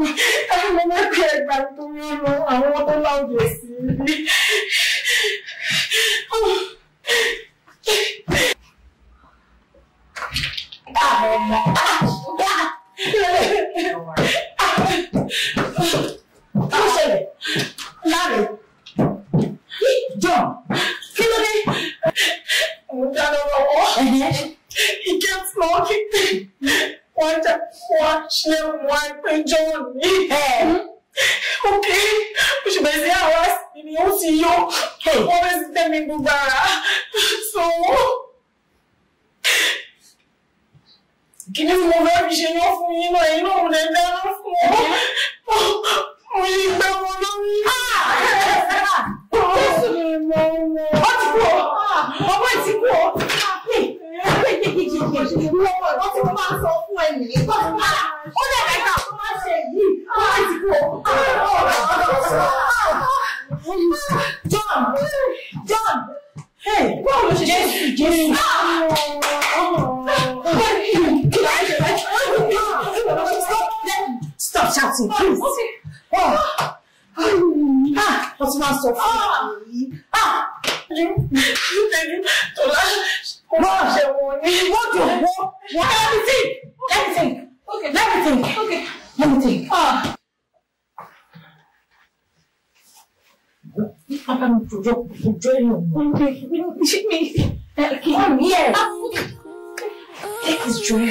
àwọn ọmọ ẹgbẹ́ ẹgbà tó ń lọ àwọn tó láwùjọ sí i. Àwọn ọmọ àwọn ṣẹlẹ̀ láàrin John kí ló dé? Mo dá lọ́wọ́. Ìjẹ́ fún ọ́ kí wọ́n jà wọ́n ṣe wọ́n àpéjọ ní ẹ̀ ok oṣù bẹ̀rẹ̀ sí àwọn àṣìbí ni ó ti yọ wọ́n bẹ̀rẹ̀ sí tẹ̀mí gbogbo ara so. kí ni mo fẹ́ fi ṣe yọ fún yín náà yín náà lè dáná fún ọ mo yí gbẹ wọn lórí. Ah! Ah! ó ti kú ọ ah! ọmọ Wọ́n Stop shouting, please. Okay. Oh wọ́n ti máa sọ fún mi. Tọ́lá wọ́n ṣe wọ́n ní. Wọ́n jò Let me think. Let me think. Okay. Let me think. Okay. Let me think. Bàbá mi kò jọ kò jọ ẹ̀yàn mọ́. Ṣé mi kì í rí ẹ̀? Take this joy.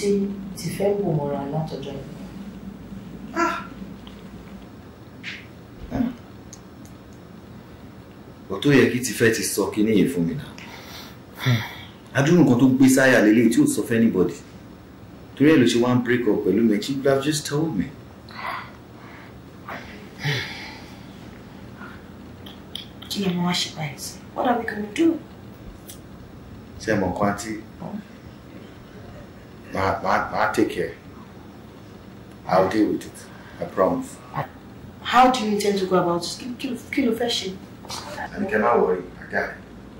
tí ti fẹ́ bò mọ́ra látọjọ́ yìí. ò ah! tó yẹ kí tìfẹ́ ti sọ kíní yìí fún mi náà adúrún kan tó gbé sáyà lélẹ̀ tí ò sọ fẹ́ anybody torí ẹ̀ ló ṣe wá ń break up pẹ̀lú mi she have just told me. kí ni mo wá ṣe báyìí sí what are we gonna do. ṣé mo kọ́ àti. I, I, I take care. I'll deal with it. I promise. How do you intend to go about this? Kill, kill fashion. And cannot worry, I got it.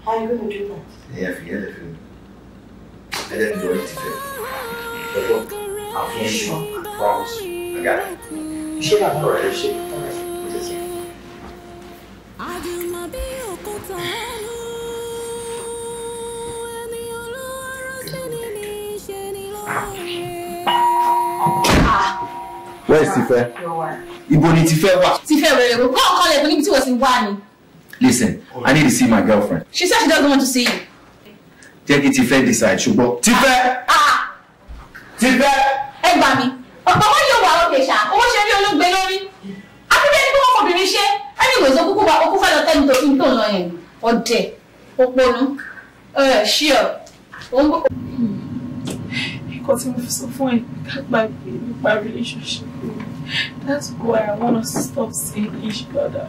How are you going to do that? Yeah, forget it. I didn't do it today. But look, I'll finish you. I promise. I got it. You should have a relationship. Alright, what is it? Where is fẹ́ ibo ni ti fẹ́ wà. ti fẹ́ wẹ̀rẹ̀ wò kọ́ ọ̀kan lẹ̀kùn níbi tí wọ́n ti wá ni. listen i need to see my girlfriend. she said she doesn't want to see you. jẹ́ kí ti fẹ́ decide ṣùgbọ́n. ti fẹ́. ti fẹ́. ẹ gbà mí ọ̀pọ̀ wọn yóò wà òkè ṣá owó ṣe rí olóògbé lórí abúlé ní kí wọ́n fọbìnrin ṣe ẹni ìwé ìzó kúkú wa okú fẹ́ lọ tẹ́nu tó fi ń tò lọ yẹn ọ̀dẹ̀ òponu ṣíọ̀ nǹkan tí mo fi sọ fún ẹ ká gbàgbé nípa relationship that's why I wanna stop seeing each other.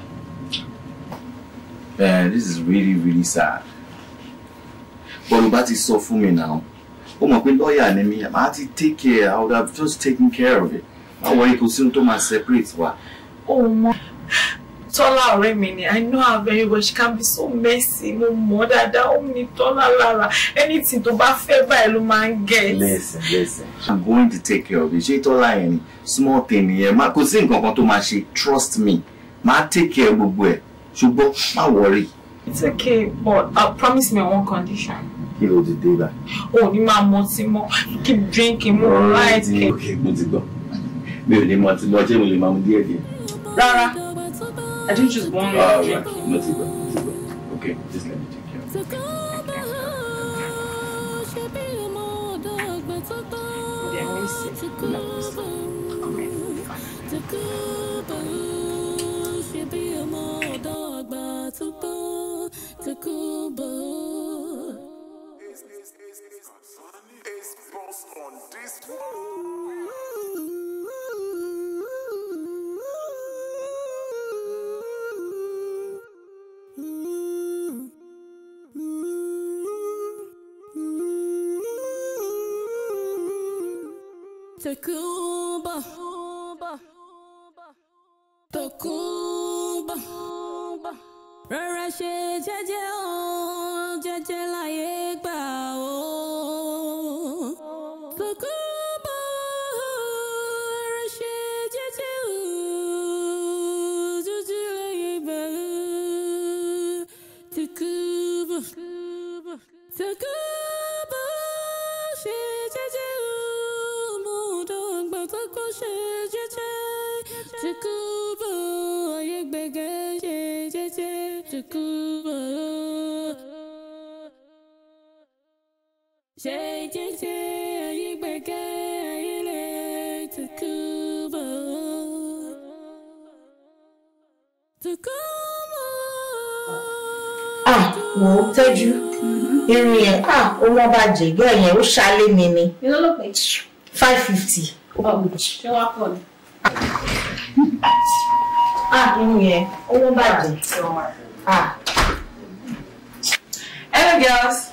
Man, eh, this is really really sad. Bọ́lú bá ti sọ fún mi náà, ó mọ̀ pé lọ́ọ̀yà ni mi, màá ti take care, I would have just taken care of it. Àwọn ikùn sínú tó máa separate wa. Ó oh, mọ. Tọ́lá ọ̀rẹ́ mi ni I know how very well she can be so messy mo mọ̀ dáadáa ó ní Tọ́lá lára anything tó bá fẹ́ báyìí ló máa ń get. Listen listen I'm going to take care of you ṣé Tọ́lá yẹn ni small thing yẹn má kò sí nǹkan kan tó máa ṣe trust me máa take care gbogbo ẹ̀ ṣùgbọ́n má worry. It's okay but I uh, promise me on one condition. Kí ló ti dé báyìí? O ní máa mọtí mọ́, keep drinking more light. Ok, mo ti gbọ́. Mi ò ní mọtí mọ́, ṣé mo lè máa mu díẹ̀ díẹ̀? Rárá. I think she's born uh, drinking. Right. Not Uber, not Uber. Okay, just let me take care of it. It's, it's, it's, it's, it's, it's, it's, on this Takuba Takuba Rárá ṣe jẹ́jẹ́ o oh, jẹ́jẹ́ láyé. kubo Shejete yigbeke ile tukubo Tukubo Ah, mo tẹ́jú irun yẹn ah ó wọ́n bàjẹ́ gẹ́ yẹn ó ṣalé mi ni five fifty. ṣé wàá pọ̀ ni. ah irun yẹn ó wọ́n bàjẹ́. girls.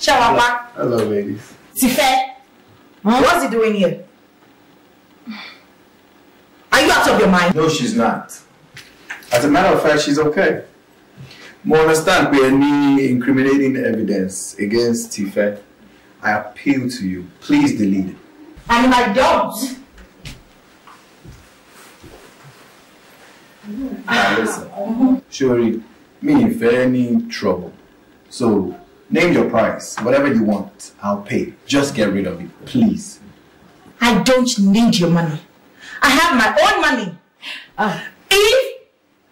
Hello, ladies. Tife, huh? what's he doing here? Are you out of your mind? No, she's not. As a matter of fact, she's okay. More understand we any incriminating evidence against Tife. I appeal to you. Please delete it. And if I don't, now listen, Shori, me if any trouble, so name your price. Whatever you want, I'll pay. Just get rid of it, please. I don't need your money. I have my own money. Uh, if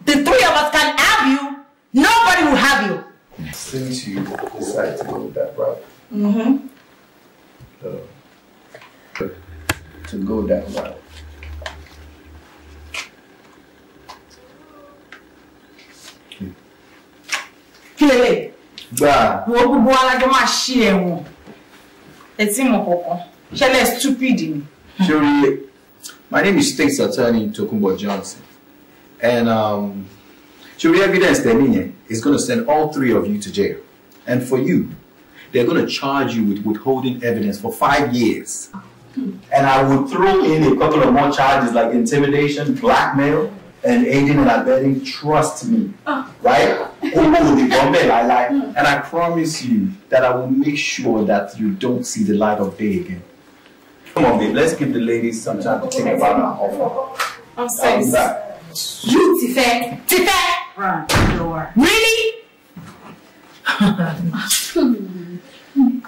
the three of us can have you, nobody will have you. Since you decide mm-hmm. to go that route, mm -hmm. Uh, to go that route, Lele, gbà. my name is state attorney Tokumbo Johnson and um, evidence tẹ̀lé yẹn is gonna send all three of you to jail and for you they're gonna charge you with withholding evidence for five years. And I would throw in a couple of more charges like intimidation, blackmail, and aiding and abetting. Trust me, ah. right? owó the bọ́ bẹ́ẹ̀ láíláí and I promise you that I will make sure that you don't see the light of day again. Come on, babe, let's give the ladies some time to think about our offer. I'm sorry. You, Tife, Tife! Run, door. Really?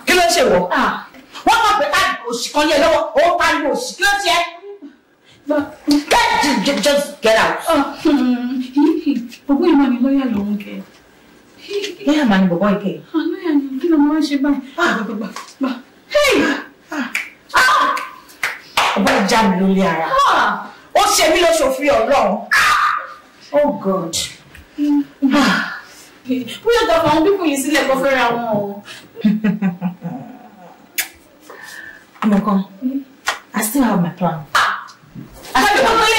Kí ló ṣe wọ̀? Ah. Wọ́n mọ̀ pé káàdì òṣì kan yẹ lọ́wọ́, ó pariwo òṣì kí ló ṣe? Just get out. Oh. <laughs> bọ̀bọ̀ yìí máa ní lọ́ọ̀yà lòun kẹ. lọ́ọ̀yà máa ní bọ̀bọ̀ yìí kẹ. lọ́ọ̀yà ni kí ló máa ń ṣe báyìí. gbàgbàgbà ọba já mi lórí ara ó ṣe mí lóṣòfin ọlọ́run ah. oh god. Mm. Ah. Eh, bóyá ọ̀gá àwọn pípọ̀ yìí sílẹ̀ kó fẹ́ra wọn o. ọmọ kan mm. I still have my plan. àti ọmọ yẹn.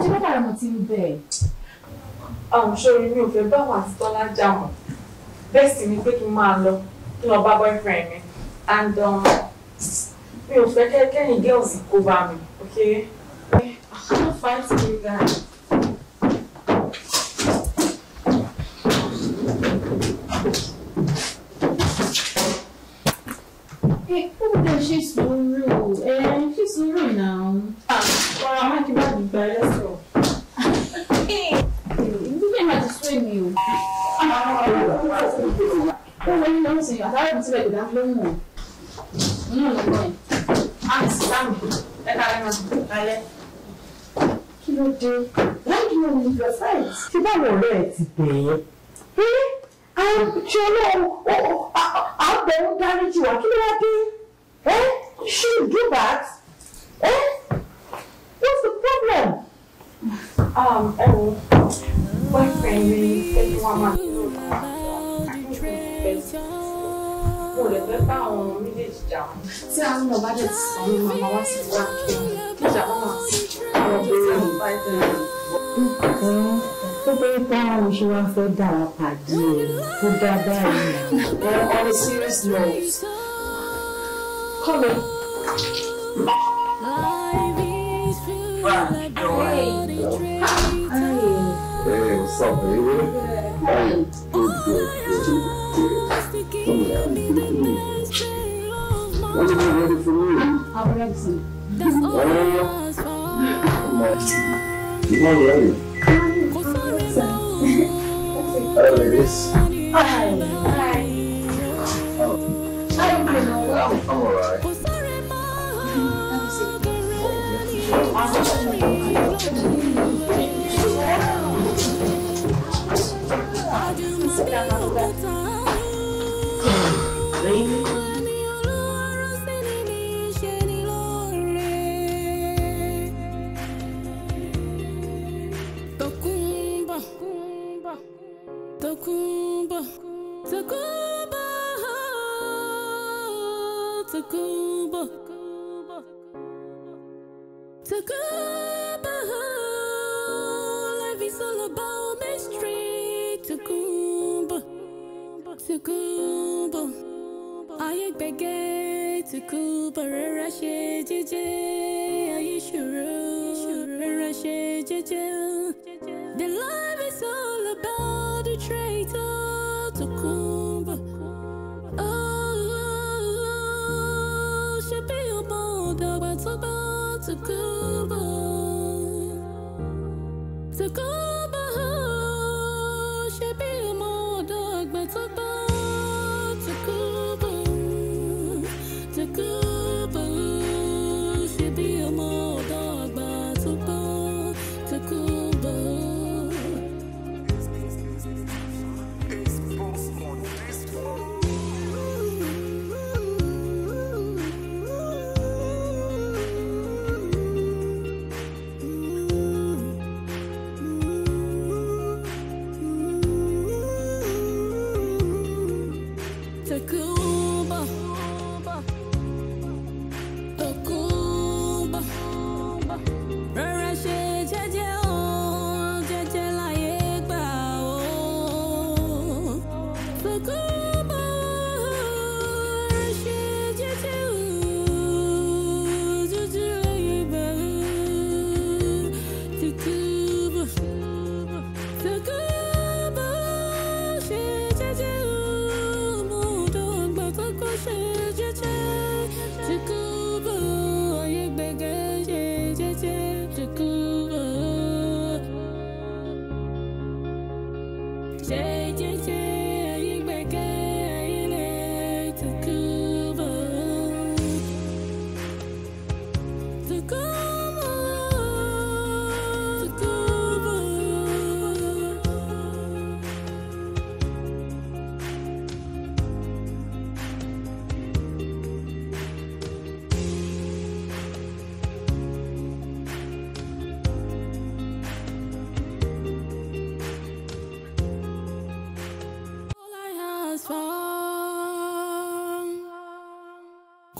ṣé bàbá rẹ mo ti ń bẹ̀ ẹ́. àwọn sórí mi ò fẹ́ bá àwọn àti tọ́lá jà mọ́ bẹ́ẹ̀ sì ni pé kí n máa lọ kí n bá boyfriend mi and um, mi ò fẹ́ kẹ́kẹ́ yìí girls kó bá mi okay. Ah, I can't fight you guys. Hey, oh, who did she suru? Eh, she suru now. Ah, well, I'm not about to buy this one. Hey, you can't have to swim you. Ah. Oh, when you I thought you are tired to sleeping, I'm no more. No, no, no. I'm sorry. Alẹ́. Kí ló dé? Why do you want to be your friends? Ṣé báwo ọ̀rẹ́ ẹ ti bẹ̀ẹ́? ṣé ọlọ́run àbẹ̀ ń dáríjì wá kí ló wá dé ẹ́ ṣé do that ẹ́ what's the problem. Um, wo boyfriend mi ní pẹ̀lú wa máa ń lò ó mo lè fẹ́ bá àwọn méjèèjì jà wọ́n. tí àwọn ọmọ bá jẹ ti sàn ní màmá wá sí wá kí ìjà wọn máa sí àwọn ọmọ bá jẹ. tó bẹ dára mo ṣe wá fẹ́ dára pàdé o kó dá serious love kọlọ. Hey, what's up, baby? Hey, good, good, good. What are you ready for me? I'm ready. Oh, come on. You're not ready. Hello, ladies. Hi. Hi. Oh. I'm, I'm alright.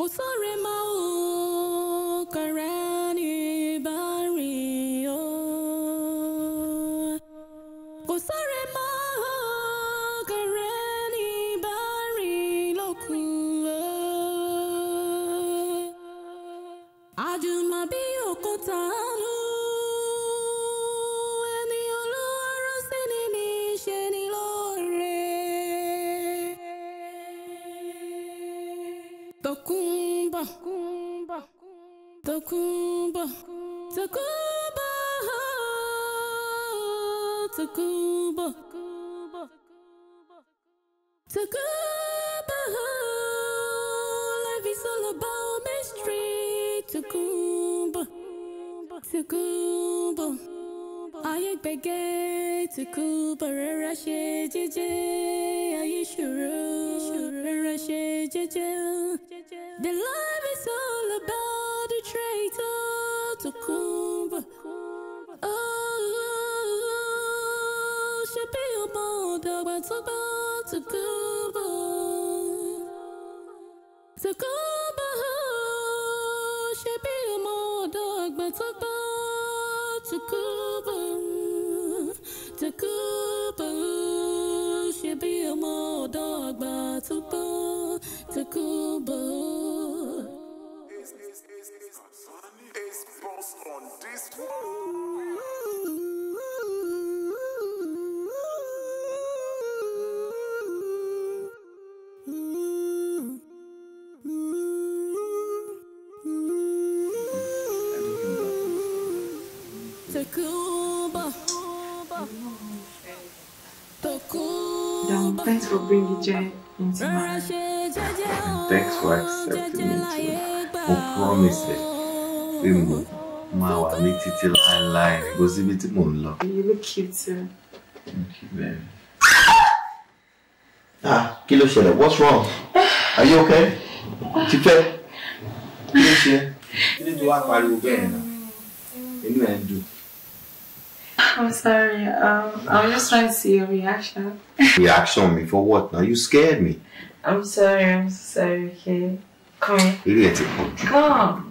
kò sọ̀rẹ́ máa. 把热热些姐姐。And thanks for accepting me too. Mo promise ẹ pé mo máa wà ní títí láéláé kò síbi tí You look cute too. Thank you, baby. Ah, kilo ló What's wrong? Are you okay? Ti fẹ́? Kí ló ṣe? Kí ló ti wá pariwo bẹ́ẹ̀ náà? Inú ẹ̀ ń dùn. I'm sorry. Um, I was just trying to see your reaction. reaction on me for what now? You scared me. I'm sorry, I'm sorry, kid. Come here. Come.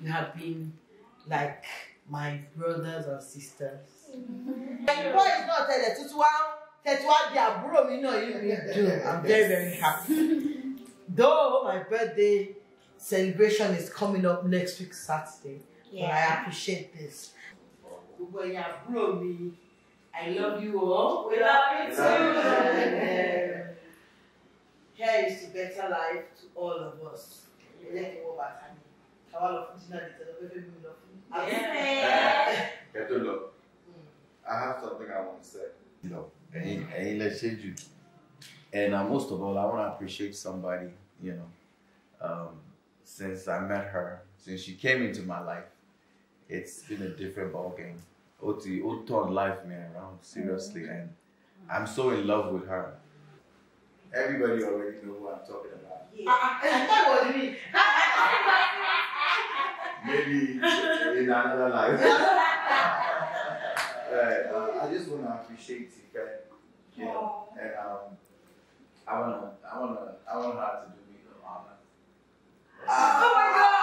you have been like my brothers or sisters. <laughs> Boy is not telling tuntun wá tẹ̀tù wá di àbúrò mi <laughs> do I'm very very happy. Though my birthday celebration is coming up next week Saturday, yeah. but I appreciate this. You have brought me. I love you all. We love you too. Here is the better life to all of us àwa lọ I have something I want to say. and uh, most of all I want to appreciate somebody you know um, since I met her since she came into my life it's been a different ball game. Ó ti turned life me around seriously mm -hmm. and I'm so in love with her. Everybody already know who I'm talking about. Yeah. <laughs> <laughs> Maybe in another life. <laughs> right, uh, I just want to appreciate you guys. You know, and um, I want to, I want to, I want her to do me the honor. Oh my God!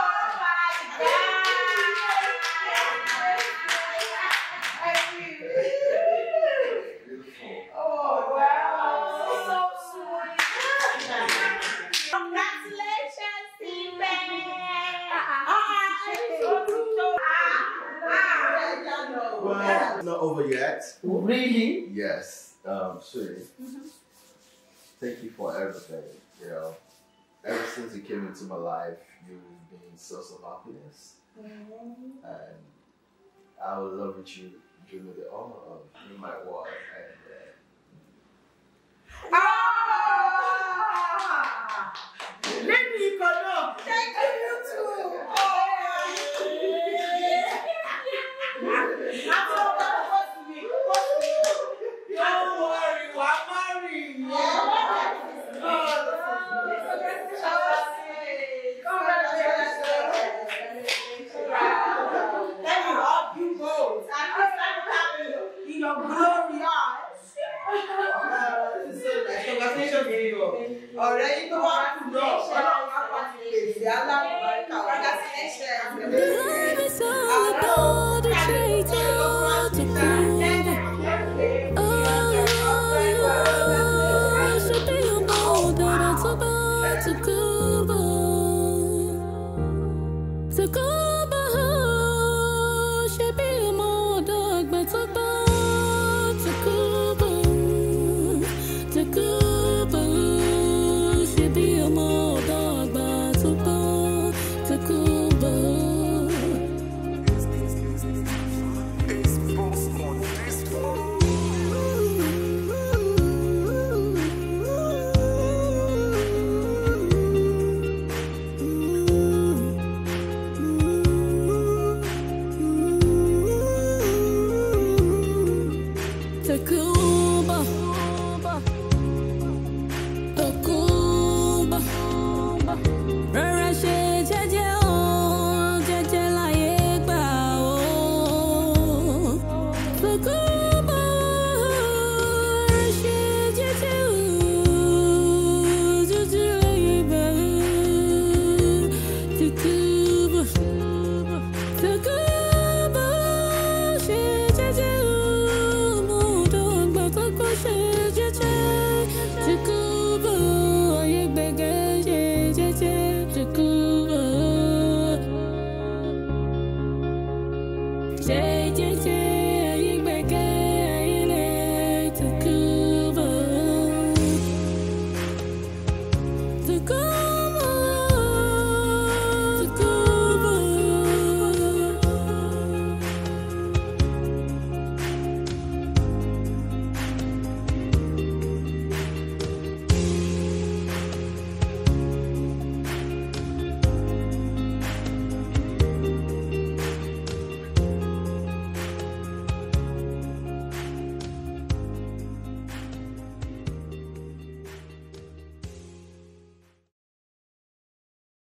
not over yet. Really? Yes. Um, Suri, mm -hmm. thank you for everything. You know, ever since you came into my life, you've been a source of happiness. Mm -hmm. And I will love with you me the all of being my wife. And, uh, ah!